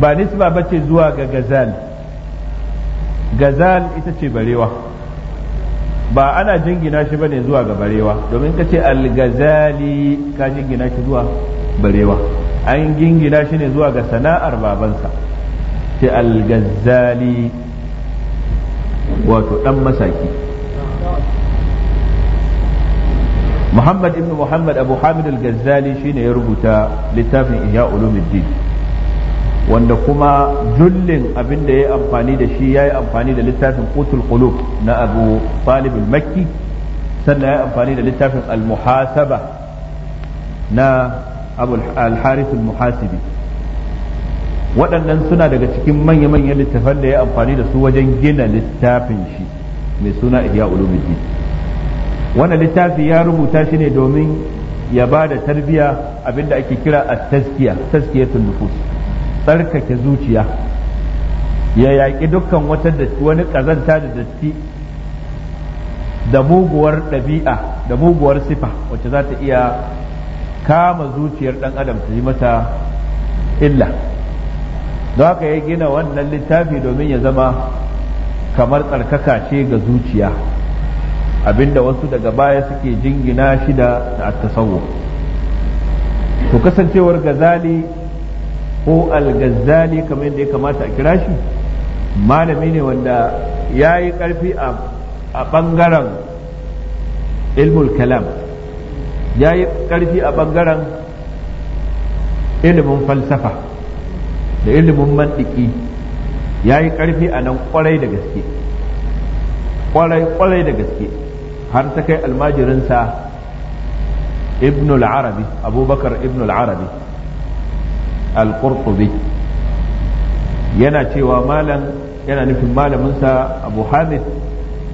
ba nisba ba ce zuwa ga gazal gazal ita ce barewa ba ana jingina shi bane zuwa ga barewa domin ka ce algazali ka jingina shi zuwa barewa an gingina shi ne zuwa ga sana'ar babansa ce al wato ɗan masaki Muhammad ibn Muhammad Abu Hamid shine ya rubuta littafin Ihya Ulumuddin wanda kuma jullin abin da ya amfani da shi ya yi amfani da littafin Qutul Qulub na Abu Talib makki sannan ya yi amfani da littafin Al-Muhasaba na abu al-harith al-muhasibi waɗannan suna daga cikin manya-manyan littafan da ya amfani da su wajen gina littafin shi mai suna ihya ulumuddin wannan littafi ya rubuta shi ne domin ya ba da tarbiya abinda ake kira at-tazkiya tazkiyatun nufus tsarkake zuciya ya yaƙi dukkan wata wani kazanta da datti da muguwar ɗabi'a da muguwar sifa wacce za ta iya kama zuciyar dan adam ta yi mata illa don haka ya gina wannan littafi domin ya zama kamar tsarkaka ce ga zuciya abinda wasu daga baya suke jingina shi da tasawo Ku kasancewar gazali ko algazali kamar yadda ya kamata a kira shi malami ne wanda ya yi ƙarfi a ɓangaren ilmul kalam ya yi ƙarfi a ɓangaren ilimin falsafa da ilimin mantiki ya yi ƙarfi a nan ƙwarai da gaske ƙwarai da gaske har ta kai almajirinsa ibnul arabi abubakar ibnul arabi al yana cewa malam yana nufin malaminsa abu hamid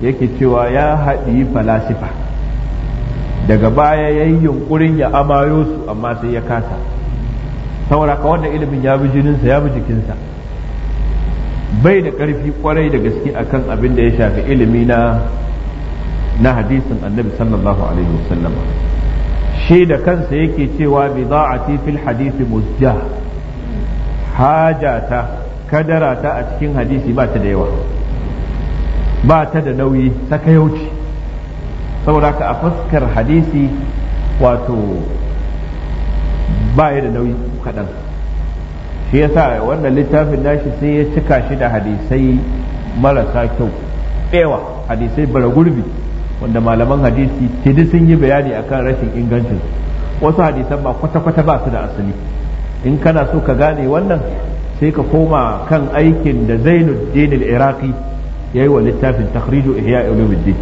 yake cewa ya haɗi falasifa daga baya ya yi yunkurin ya amayo su amma sai ya kasa saboda ka wanda ilimin ya bi jininsa ya bi jikinsa bai da ƙarfi kwarai da gaske akan abin da ya shafi ilimi na na hadisin annabi sallallahu alaihi wasallam shi da kansa yake cewa bida'ati fil hadisi mujja hajata kadarata a cikin hadisi ba ta da yawa ba ta da nauyi sakayauci saboda ka a fuskar hadisi wato baya da nauyi kaɗan shi yasa wannan littafin nashi sai ya cika shi da hadisai marasa kyau ɗewa hadisai bara gurbi wanda malaman hadisi tidi sun yi bayani akan rashin ingancin wasu hadisan ba kwata-kwata ba su da asali in kana so ka gane wannan sai ka koma kan aikin da zainuddin al-iraqi yayi wa littafin takhriju ihya ulumuddin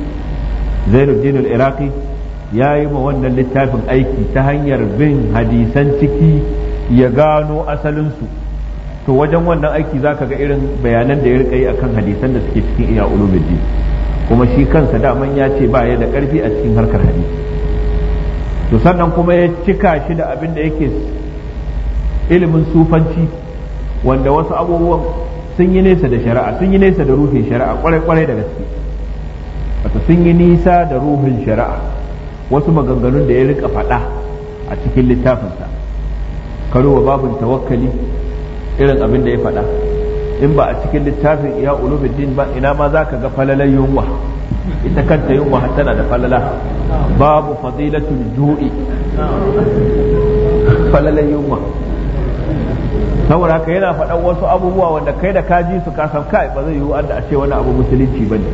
zainuddin al-iraqi ya yi ma wannan littafin aiki ta hanyar bin hadisan ciki ya gano asalinsu to wajen wannan aiki za ka ga irin bayanan da ya rika yi akan hadisan da suke cikin iya ulumuddin kuma shi kansa da daman ya ce ba ya da karfi a cikin harkar hadisi to sannan kuma ya cika shi da abin da yake ilimin sufanci wanda wasu abubuwan sun yi nesa da shari'a sun yi nesa da ruhin shari'a kwarai-kwarai da gaske wato sun yi nisa da ruhun shari'a wasu maganganun da ya rika faɗa a cikin littafinsa karo wa babin tawakkali irin abin da ya faɗa in ba a cikin littafin ya din ba ina ma za ka ga falalar yunwa ita kanta yunwa tana da falala babu fadilatul ju'i falalar yunwa saboda haka yana faɗan wasu abubuwa wanda kai da ka ji su ka kai ba zai yiwu da a ce wani abu musulunci ba ne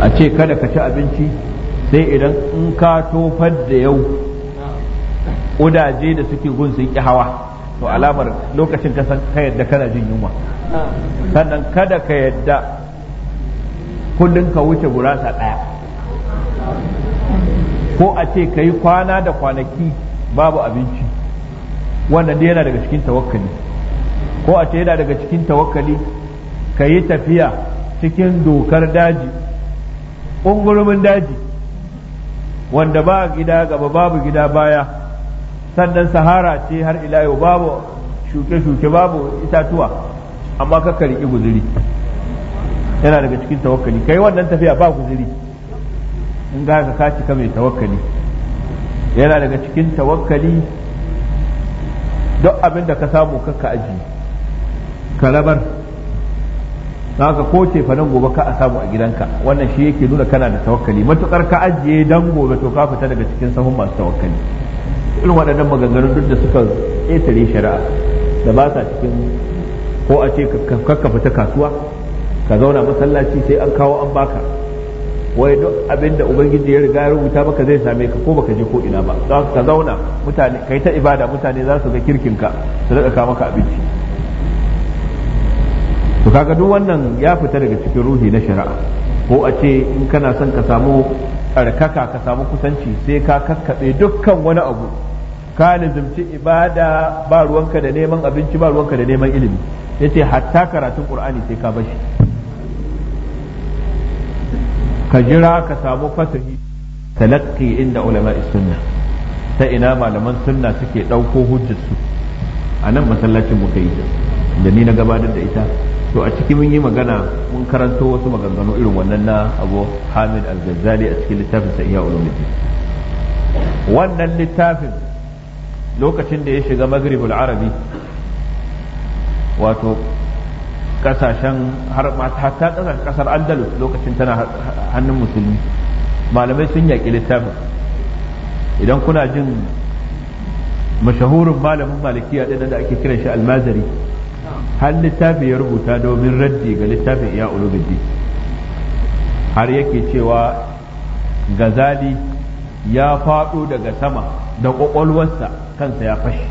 a ce kada ka ci abinci sai idan in ka tofar da yau ƙudaje da suke gun sun ƙi hawa to alamar lokacin ka san ka yadda kana jin yunwa sannan kada ka yadda kullum ka wuce gurasa ɗaya ko a ce ka yi kwana da kwanaki babu abinci wannan yana daga cikin tawakkali ko a ce yana daga cikin tawakkali ka yi tafiya cikin dokar daji Ƙungurumin daji wanda ba gida gaba babu gida baya sannan sahara ce har ila yau babu shuke-shuke babu itatuwa amma ka karki guzuri yana daga cikin tawakkali kai wannan tafiya ba guzuri in ga ka ka cika mai tawakkali yana daga cikin tawakkali duk abin da ka samu kakka aji ka rabar haka ko ce fanan gobe ka a samu a gidanka wannan shi yake nuna kana da tawakkali matukar ka ajiye dan gobe to ka fita daga cikin sahun masu tawakkali irin waɗannan maganganun duk da suka ƙetare shari'a da ba sa cikin ko a ce ka fita kasuwa ka zauna masallaci sai an kawo an baka wai duk abin da ubangiji ya riga ya rubuta maka zai same ka ko baka je ko ina ba ka zauna mutane kai ta ibada mutane za su ga kirkin ka su rika ka maka abinci to kaga duk wannan ya fita daga cikin ruhi na shari'a ko a ce in kana son ka samu karkaka ka samu kusanci sai ka kakkabe dukkan wani abu ka nizumci ibada ba ruwanka da neman abinci ba ruwanka da neman ilimi yace hatta karatun qur'ani sai ka bashi ka jira ka samu fatahi talakki inda ulama sunna ta ina malaman sunna suke ɗauko hujjarsu a nan masallacin ka yi da ni na gabatar da ita to a ciki mun yi magana mun karanto wasu maganganu irin wannan na abu hamid al-ghazali a cikin littafin sa iya ulumuddin wannan littafin lokacin da ya shiga maghribul arabi wato kasashen har hatta kasar kasar andalus lokacin tana hannun musulmi malamai sun yaƙi littafin idan kuna jin mashahurin malamin malikiya ɗin da ake kiran shi almazari har littafi ya rubuta domin raddi ga littafin iya ulubiddi har yake cewa gazali ya faɗo daga sama da ƙwaƙwalwarsa kansa ya fashi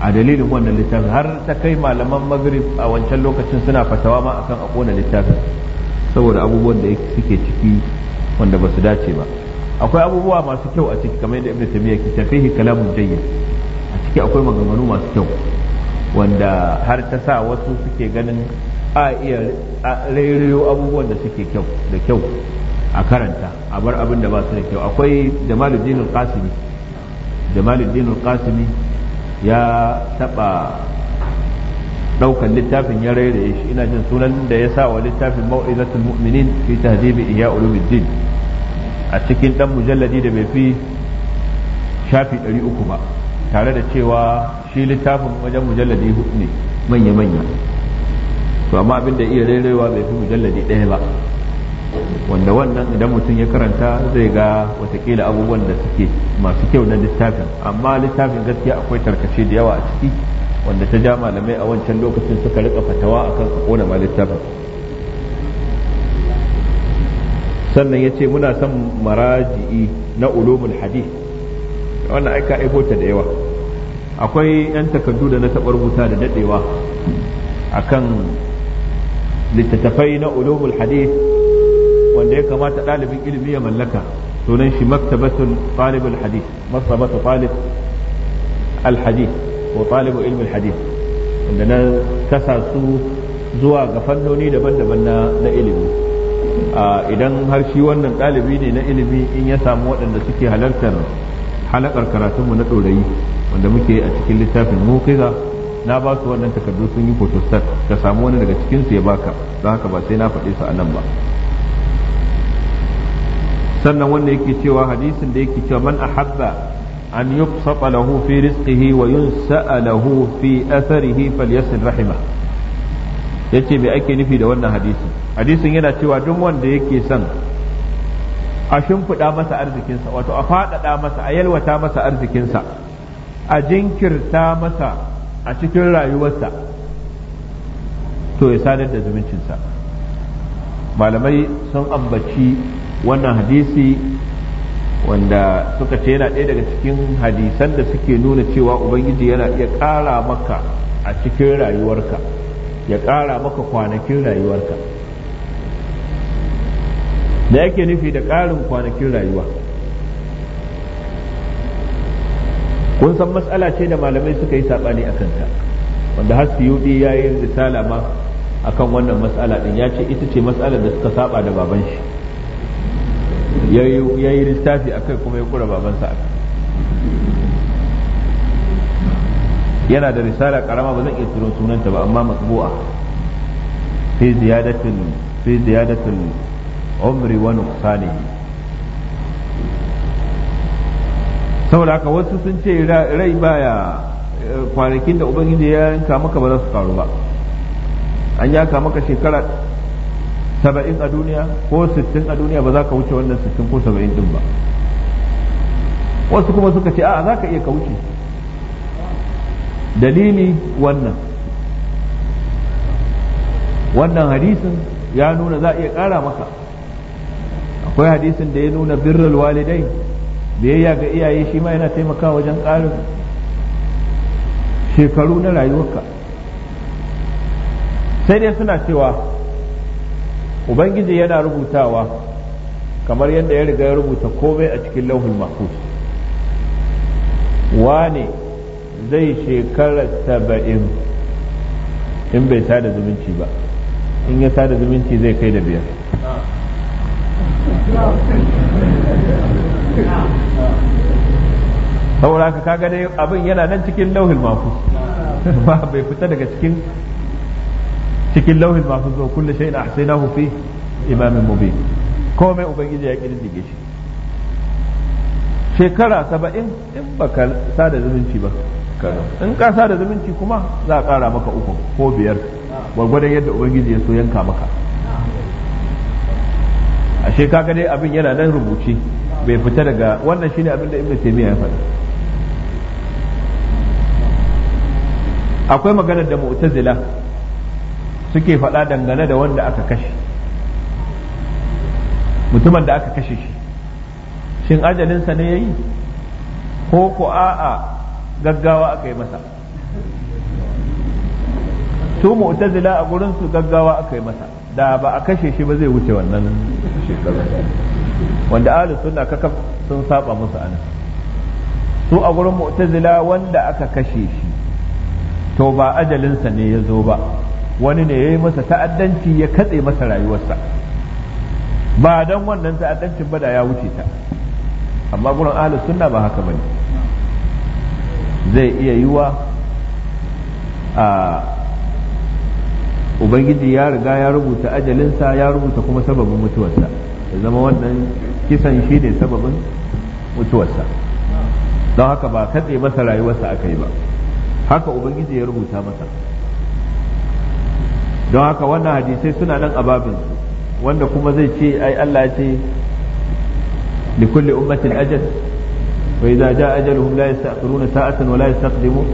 a dalilin wannan littafin har ta kai malaman magrib a wancan lokacin suna fatawa ma akan a ƙona littafin saboda abubuwan da suke ciki wanda ba su dace ba akwai abubuwa masu kyau a ciki kamar yadda ibn tamiya ke tafihi kalamun jayyid a ciki akwai maganganu masu kyau wanda har ta sa wasu suke ganin a iya rairiyo abubuwan da suke kyau da kyau a karanta a bar abin da ba su da kyau akwai jamaluddin al-qasimi jamaluddin ya taba daukan littafin ya rairaye shi ina jin sunan da ya sa wa littafin mau'izatul mu'minin fi tahdibi iya ulumuddin a cikin dan mujalladi da bai fi shafi 300 ba tare da cewa shi littafin wajen mujalladi hudu ne manya-manya to amma abin da iya rairewa bai fi mujalladi ɗaya ba wanda wannan idan mutum ya karanta zai ga watakila abubuwan da suke masu kyau na littafin amma littafin gaskiya akwai tarkace da yawa a ciki wanda ta ja malamai a wancan lokacin suka rika fatawa akan a kona ma littafin sannan ya ce muna son maraji'i na ulumul hadith wannan aika aiko ta da yawa akwai 'yan takardu da na taɓa rubuta da daɗewa akan littattafai na ulumul hadith wanda ya kamata ɗalibin ilimi ya mallaka sunan shi maktabatul talibul hadith maktabatu talib al hadith ko talibu ilmul hadith wanda na kasa su zuwa ga fannoni daban-daban na ilimi idan har shi wannan ɗalibi ne na ilimi in ya samu waɗanda suke halartar halakar karatunmu na ɗorayi wanda muke a cikin littafin muqiza na ba su wannan takardu sun yi photostat ka samu wani daga cikin su ya baka don haka ba sai na faɗe su a nan ba sannan wanda yake cewa hadisin da yake cewa man ahabba an yubsata lahu fi rizqihi wa yunsa'a lahu fi atharihi falyasil rahima yace me ake nufi da wannan hadisin hadisin yana cewa duk wanda yake son a shimfiɗa masa arzikinsa wato a faɗaɗa masa a yalwata masa arzikinsa a jinkirta masa a cikin rayuwarsa to ya sadar da zumuncinsa malamai sun ambaci wannan hadisi wanda suka ce yana ɗaya daga cikin hadisan da suke nuna cewa ubangiji yana iya ƙara maka a cikin rayuwarka ya ƙara maka kwanakin rayuwarka da yake nufi da ƙarin kwanakin rayuwa kun san matsala ce da malamai suka yi saɓani a kanta wanda har siyudi ya yi risala ma akan wannan mas'ala din ya ce ita ce mas'ala da suka saba da baban shi ya yi a kai kuma ya kura babansa a yana da risala karama ba zan iya turo sunanta ba amma matbu'a fi ziyadatul fi ziyadatul umri wa nuqsanihi saboda haka wasu sun ce rai baya eh, kwanakin da ubangiji ya yanka maka ba za su karu ba an yanka maka shekara saba'in a duniya ko sittin a duniya ba za ka wuce wannan sittin ko saba'in din ba wasu kuma suka ce a'a za ka iya ka wuce dalili wannan wannan hadisin ya nuna za a iya kara maka akwai hadisin da ya nuna birrul walidai ya ga iyaye shi ma yana taimaka wajen ƙarin shekaru na rayuwarka sai dai suna cewa ubangiji yana rubutawa kamar yadda ya riga ya rubuta komai a cikin lauhul mahfuz wane zai shekara saba'in in bai sada zumunci ba in ya sada zumunci zai kai da biyar saboda ka kaga dai abin yana nan cikin lauhin mafu ba bai fita daga cikin cikin lauhin mafu zo kulle shay'in na hufi imamin mubin komai ubangiji ya kirdige shi shekara saba'in in ba ka sa da zumunci ba in ka sa da zumunci kuma za a kara maka uku ko biyar gwargwadon yadda ubangiji ya so yanka maka ashe kaga dai abin yana nan rubuce bai fita daga wannan shine abin da ibnu taymiya ya faɗa akwai maganar da mu'tazila suke faɗa dangane da wanda aka kashe mutumin da aka kashe shi shin ajalinsa ne yayi ko ko a'a gaggawa aka yi masa su mu'tazila a gurin su gaggawa aka yi masa da ba a kashe shi ba zai wuce wannan shekaru wanda ahli sunna kaka sun saba musu ana su a gurin mu'tazila wanda aka kashe shi to ba ajalinsa ne ya zo ba wani ne ya yi masa ta'addanci ya katse masa rayuwarsa ba don wannan ta'addancin ba da ya wuce ta amma gurin ahli sunna ba haka bane zai iya yiwa a ubangiji ya riga ya rubuta ajalinsa ya rubuta kuma sababin mutuwarsa ya zama wannan kisan shi ne sababin mutuwarsa don haka ba katse masa rayuwarsa aka yi ba haka ubangiji ya rubuta masa don haka wannan hadisai suna nan a babinsu wanda kuma zai ce ai Allah ya ce kulli ummatin ajal wa idza jaa ajaluhum la yasta'khiruna sa'atan wa la yastaqdimun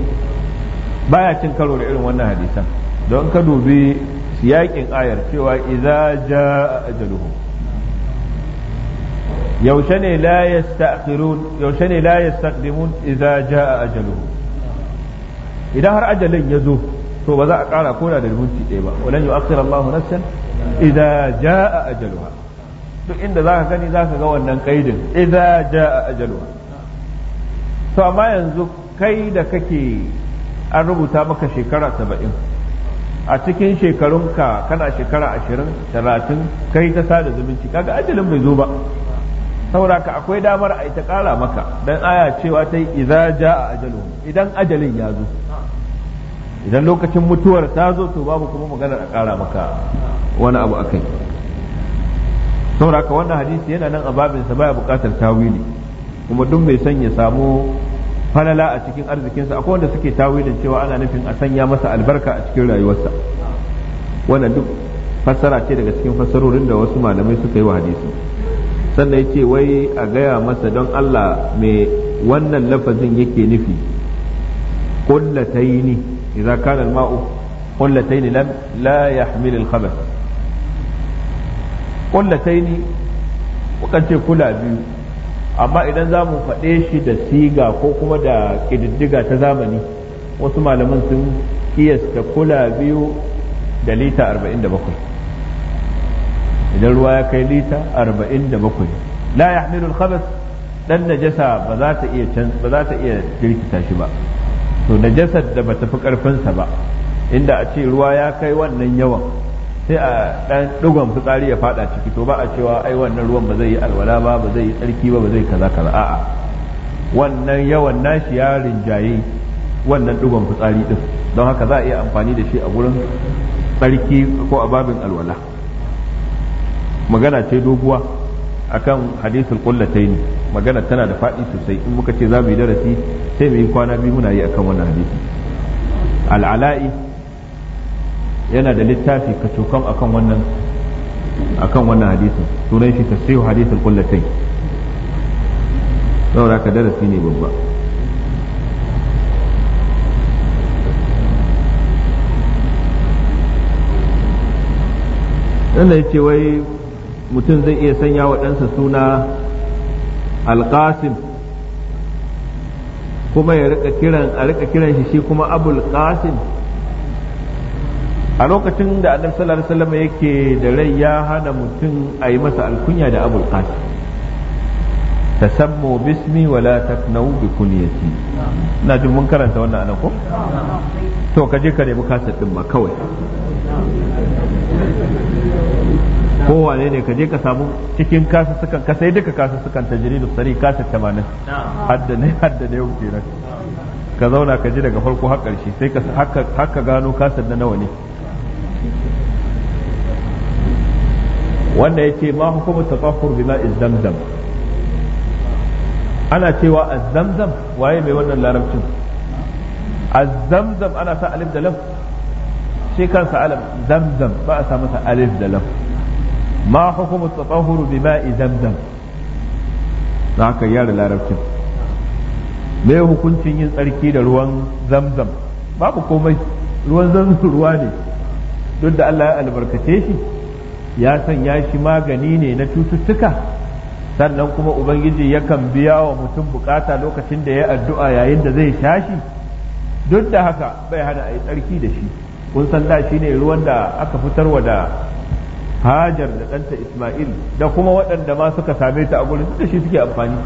baya cin karo da irin wannan hadisan don ka dubi siyakin ayar cewa idza jaa ajaluhum yaushe ne la yasta'khirun yaushe ne la yastaqdimun idza jaa ajaluhum idan har ajalin ya zo to ba za a ƙara koda da minti ɗaya ba walan yu'akhkhir Allahu nafsan idza jaa ajaluha duk inda zaka gani zaka ga wannan kaidin idza jaa ajaluha to amma yanzu kai da kake an rubuta maka shekara 70 a cikin shekarunka kana shekara ashirin talatin kai ta sada zumunci kaga ajalin bai zo ba saboda ka akwai damar a ta kara maka dan aya cewa ta yi ja a ajaluhum idan ajalin ya zo idan lokacin mutuwar ta zo to babu kuma maganar a kara maka wani abu akai saboda ka wannan hadisi yana nan a babinsa baya bukatar tawili kuma duk mai son ya samu falala a cikin arzikinsa akwai wanda suke tawilin cewa ana nufin a sanya masa albarka a cikin rayuwarsa wannan duk fassara ce daga cikin fassarorin da wasu malamai suka yi wa hadisi sannan yace wai a gaya masa don Allah me wannan lafazin yake nufi kullataini idza kana alma'u kullataini lam la yahmil alkhabath kullataini qullataini ce kula biyu amma idan za mu faɗe shi da siga ko kuma da ƙididdiga ta zamani wasu malaman sun kiyasta kula biyu da lita 47 idan ruwa ya kai lita 47 la bakwai al-khabath dan najasa ba za ta iya ba za ta iya jirkita shi ba to najasar da bata fi ƙarfinsa ba inda a ce ruwa ya kai wannan yawan sai a ɗan ɗigon fitsari ya faɗa ciki to ba a cewa ai wannan ruwan ba zai yi alwala ba ba zai yi tsarki ba ba zai kaza kaza a'a wannan yawan nashi ya rinjaye wannan ɗigon fitsari ɗin don haka za a iya amfani da shi a gurin tsarki ko a babin alwala magana ce doguwa akan hadisul qullatain magana tana da faɗi sosai in muka ce za mu yi darasi sai mu yi kwana biyu muna yi akan wannan hadisi al'ala'i yana da littafi ka cokan akan wannan akan wannan hadisin sunan shi tasihu hadisul qullatain saboda ka darasi ne babba da ce wai mutum zai iya sanya wa ɗansa suna alƙasim kuma ya rika kiran a rika kiran shi shi kuma abul qasim a lokacin da annabi sallallahu alaihi wasallam yake da rai ya hana mutum a yi masa alkunya da abul qasim tasammu bismi wala taknau bi kunyati ina jin mun karanta wannan anan ko to ka je ka nemi kasar din ma kawai Ko wane ne ka je ka samu cikin sukan ka sai duka kasussukan ta jiri da tsari kasar tamanin hadda ne hadda ne yau kenan ka zauna ka ji daga farko har karshe sai ka haka gano kasar na nawa ne wanda ya ce ma hukumar tafahur bila zamzam ana cewa azzamzam waye mai wannan larabcin azzamzam ana sa alif da lam shi kansa alif zamzam ba a sa masa alif da lam ma hukumar tafahur bima zamzam da haka yara larabcin me hukuncin yin tsarki da ruwan zamzam babu komai ruwan zamzam ruwa ne duk da Allah ya albarkace shi ya sanya shi magani ne na cututtuka sannan kuma ubangiji yakan biya wa mutum bukata lokacin da ya addu'a yayin da zai sha shi duk da haka bai hana a yi tsarki da shi kun san da shi ne ruwan da aka fitar wa da hajar da ɗanta isma'il da kuma waɗanda ma suka same ta a gurin da shi suke amfani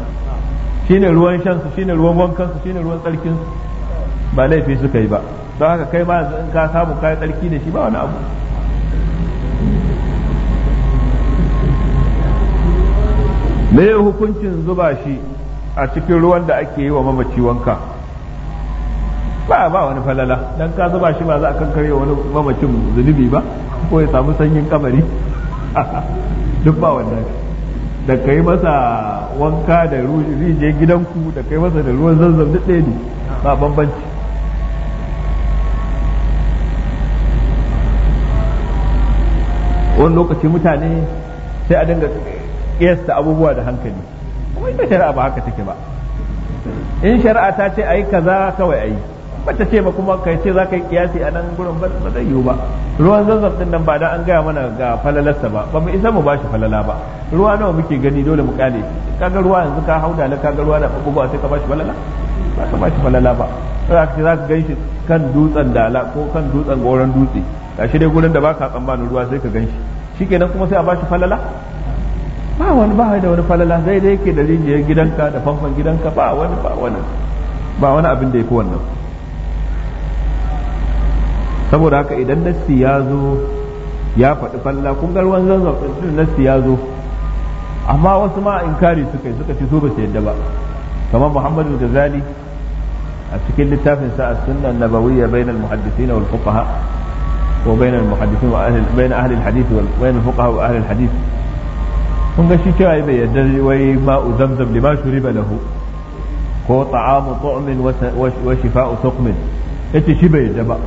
Shi ne ruwan shansu shi ne ruwan wankansu shi ne ruwan tsarkinsu ba laifi suka yi ba don haka kai ma in ka samu kayan tsarki da shi ba wani abu me hukuncin zuba shi a cikin ruwan da ake yi wa mamaci wanka ba ba wani falala dan ka zuba shi ba za a kankare wani mamacin zunubi ba ko ya samu sanyin kamari duk ba wannan da kai masa wanka da rije gidanku da kai masa da ruwan zanzam duk ɗaya ne ba bambanci wani lokaci mutane sai a dinga kiyasta abubuwa da hankali kuma ita shari'a ba haka take ba in shari'a ta ce ayi kaza kawai ayi bata ce ba kuma kai ce za ka yi kiyasi a nan gurin ba zai yiwu ba ruwan zanzan din nan ba da an gaya mana ga falalarsa ba ba mu isa mu bashi falala ba ruwa nawa muke gani dole mu kale kaga ruwa yanzu ka hauda na kaga ruwa na bubuwa sai ka bashi falala ba ka bashi falala ba za ka za ka ganshi kan dutsen dala ko kan dutsen goren dutse gashi dai gurin da baka tsammanin ruwa sai ka ganshi shikenan kuma sai a bashi falala ba wani ba da wani falala dai dai yake da rijiyar gidanka da famfan gidanka ba wani ba wani ba wani abin da ya fi wannan saboda haka idan nassi ya zo ya faɗi falla kun ga ruwan zanzan din nassi ya zo amma wasu ma inkari suka yi suka ci so ba su yadda ba kamar muhammadu gazali a cikin littafin sa as-sunna nabawiyya bainal muhaddisin wal fuqaha wa bainal muhaddisin wa ahli bainal ahli al-hadith wa bainal fuqaha wa ahli al-hadith kun ga shi cewa bai yarda wai ma'u zamzam lima shuriba lahu ko ta'amu tu'min wa shifa'u tuqmin yace shi bai yarda ba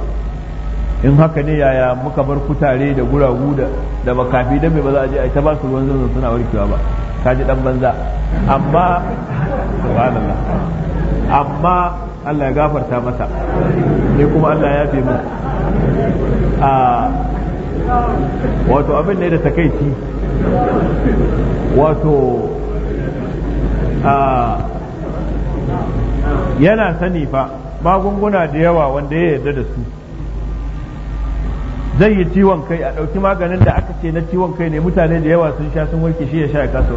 in haka ne yaya muka bar kutare da guragu da makafi dan me ba za a je a ta ba su ruwan zamzam suna warkewa ba ka ji dan banza amma subhanallah amma Allah ya gafarta masa ne kuma Allah ya yafe mu a ah, wato abin ne da takaici wato yana sani fa magunguna da yawa wanda ya yarda da su zai yi ciwon kai a ɗauki maganin da aka ce na ciwon kai ne mutane da yawa sun sha sun warke shi ya sha ya kasa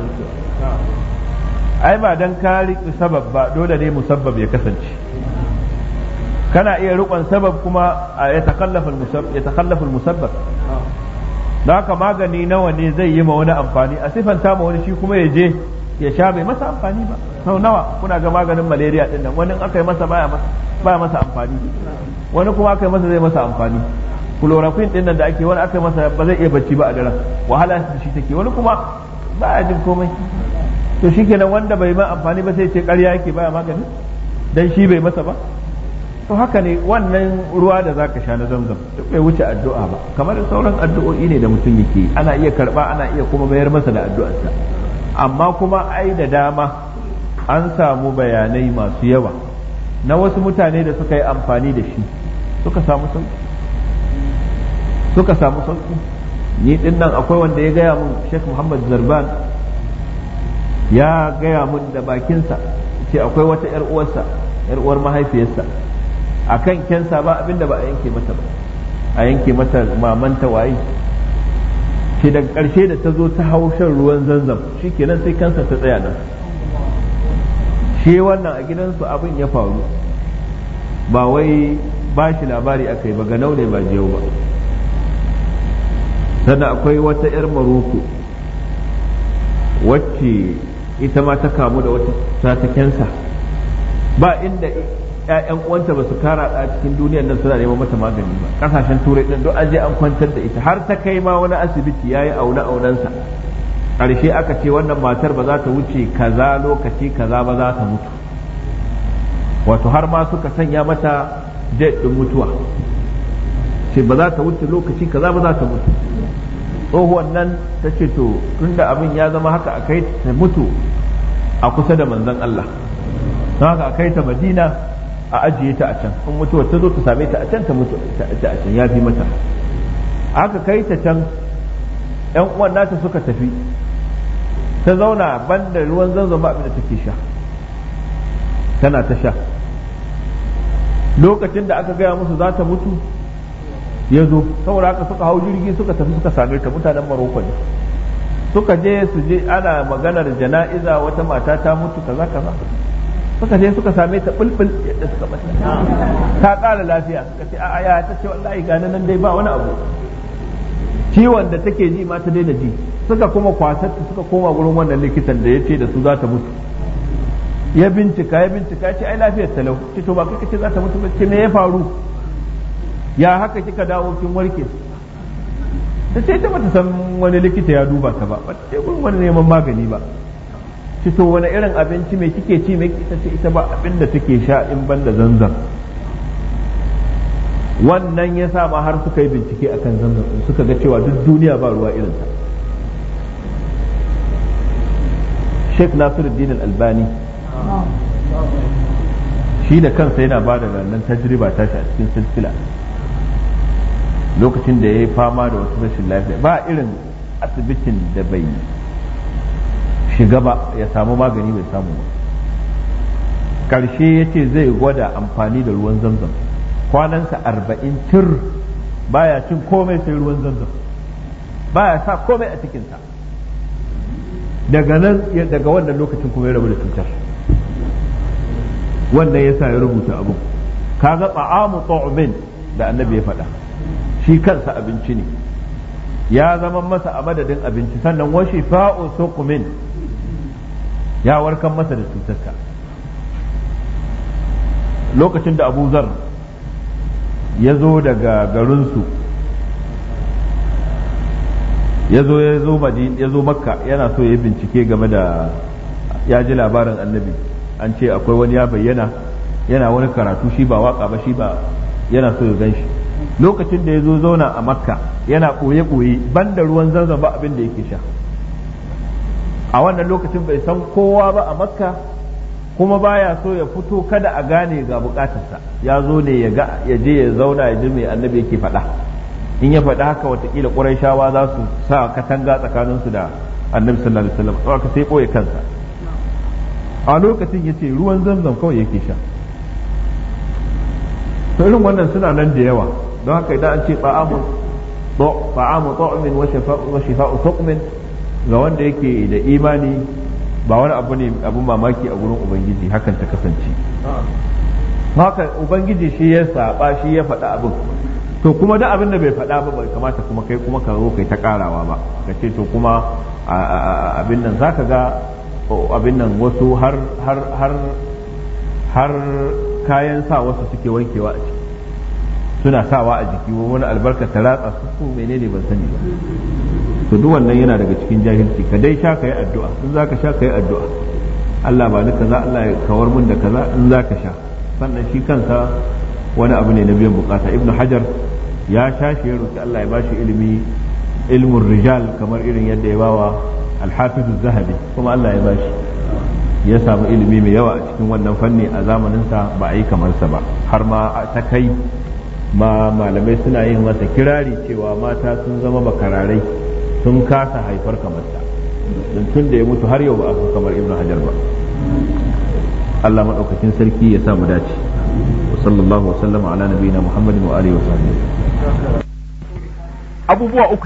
ai ba don ka sabab ba dole ne musabbab ya kasance kana iya rukon sabab kuma a ya takallafa musabbab da haka magani nawa ne zai yi ma wani amfani a sifanta ma wani shi kuma ya je ya sha bai masa amfani ba sau nawa kuna ga maganin malaria din nan wani aka yi masa baya masa amfani wani kuma aka yi masa zai masa amfani chloroquine din nan da ake wani aka yi masa ba zai iya bacci ba a daren wahala shi take wani kuma ba a jin komai to shikenan wanda bai ma amfani ba sai ce ƙarya yake baya magani dan shi bai masa ba to haka ne wannan ruwa da zaka sha na zamzam duk bai wuce addu'a ba kamar sauran addu'o'i ne da mutum yake ana iya karba ana iya kuma bayar masa da addu'arsa amma kuma ai da dama an samu bayanai masu yawa na wasu mutane da suka yi amfani da shi suka samu sauki suka samu sauki ni din nan akwai wanda ya gaya mun Sheikh Muhammad Zarban ya gaya mun da bakinsa ce akwai wata 'yar uwarsa 'yar uwar mahaifiyarsa akan kyansa ba abinda ba a yanke mata ba a yanke mata mamanta waye ke daga karshe da ta zo ta hau ruwan zanzam shi kenan sai kansa ta tsaya nan shi wannan a gidansu abin ya faru ba wai ba shi labari aka yi ba ganau ne ba jiyau ba sannan akwai wata 'yar maroko wacce ita ma ta kamu da wata ta ba inda ƴaƴan uwanta ba su kara a cikin duniyar nan suna neman mata magani ba Ƙasashen turai din don an an kwantar da ita har ta kai ma wani asibiti yayi aune aunansa ƙarshe aka ce wannan matar ba za ta wuce kaza lokaci kaza ba za ta mutu wato har ma suka sanya mata date din mutuwa ce ba za ta wuce lokaci kaza ba za ta mutu tsohuwan nan ta ce to tunda abin ya zama haka a kai ta mutu a kusa da manzon Allah don haka a kai ta Madina a ajiye ta a can in mutuwa ta zo ta same ta a can ta mutu ta a can ya fi mata aka kai ta can yan uwan nata suka tafi ta zauna banda ruwan zanzan ba abin da take sha tana ta sha lokacin da aka gaya musu za ta mutu ya zo saboda haka suka hau jirgi suka tafi suka same ta mutanen maroko ne suka je su je ana maganar jana'iza wata mata ta mutu kaza kaza suka je suka same ta bulbul yadda suka bata ta kara lafiya suka ce a ya ta ce wallahi gani nan dai ba wani abu ciwon da take ji ma ta daina ji suka kuma kwatar suka koma gurin wannan likitan da ya ce da su za ta mutu ya bincika ya bincika ce ai lafiyar ta lau ce to ba kai kace za ta mutu ba ce me ya faru ya haka kika dawo kin warke ta ce ta bata san wani likita ya duba ta ba ba ta ce gurin wani neman magani ba ci wani irin abinci mai kike ci mai kike ce ita ba abin da take sha in banda zanzan wannan ya sa ma har suka yi bincike akan zanzan suka ga cewa duk duniya ba ruwa irin ta. Sheikh Nasiruddin Al-Albani shi da kansa yana ba da wannan tajriba ta shi a cikin silsila lokacin da ya yi fama da wasu rashin lafiya ba irin asibitin da bai shiga ba ya samu magani bai samu ba karshe ya ce zai gwada amfani da ruwan zamzam kwanansa arba'in ba baya cin komai sai ruwan zamzam baya sa komai a cikinsa daga nan daga wannan lokacin kuma ya rabu da cutar wannan ya sa ya rubuta abu ga ta'amu ta'umin da annabi ya faɗa shi kansa abinci ne ya zama masa a madadin abinci sannan washi fa'o suqmin ya warkar masa da cutarsa lokacin da abu zar ya zo daga garinsu ya zo ya zo ya zo makka yana so ya yi bincike game da ya ji labarin annabi an ce akwai wani ya bayyana yana wani karatu shi ba waka ba shi ba yana so ya gan shi lokacin da ya zo zauna a makka yana koye-koye banda ruwan zanzan ba abin da yake sha a wannan lokacin bai san kowa ba a makka kuma baya so ya fito kada a gane ga bukatarsa ya zo ne ya ga ya je ya zauna ya ji mai annabi yake faɗa in ya faɗa haka watakila ƙurayshawa za su sa katanga tsakaninsu da annabi sallallahu alaihi wasallam haka sai ɓoye kansa a lokacin ya ce ruwan zamzam kawai yake sha to irin wannan suna nan da yawa don haka idan an ce ba'amu ta'amu ta'amin wa shifa'u ga wanda yake da imani ba wani abu ne abin mamaki a gurin ubangiji hakan ta kasance haka ubangiji shi ya saba shi ya faɗa abin to kuma da abin da bai faɗa ba bai kamata kuma kai kuma ka zo kai ta karawa ba ka ce to kuma abin nan zaka ga abin nan wasu har har har har kayan sa wasu suke wankewa a ciki suna sawa a jiki wani albarka ta ratsa su menene ban sani ba to duk wannan yana daga cikin jahilci ka dai sha kai addu'a in ka sha kai addu'a Allah ba ni kaza Allah ya kawar mun da kaza in ka sha sannan shi kansa wani abu ne na biyan bukata ibnu hajar ya sha shi ya roki Allah ya bashi ilimi ilmun rijal kamar irin yadda ya bawa al-hafiz zahabi kuma Allah ya bashi ya samu ilimi mai yawa a cikin wannan fanni a zamanin sa ba a yi kamarsa ba har ma ta kai ma malamai suna yin masa kirari cewa mata sun zama bakararai sun kasa haifar kamar ta tun da ya mutu har yau ba a kamar ibnu hajar ba Allah maɗaukakin sarki ya sa mu dace wa sallallahu wa ala nabiyina muhammadin wa alihi wa sahbihi abubuwa uku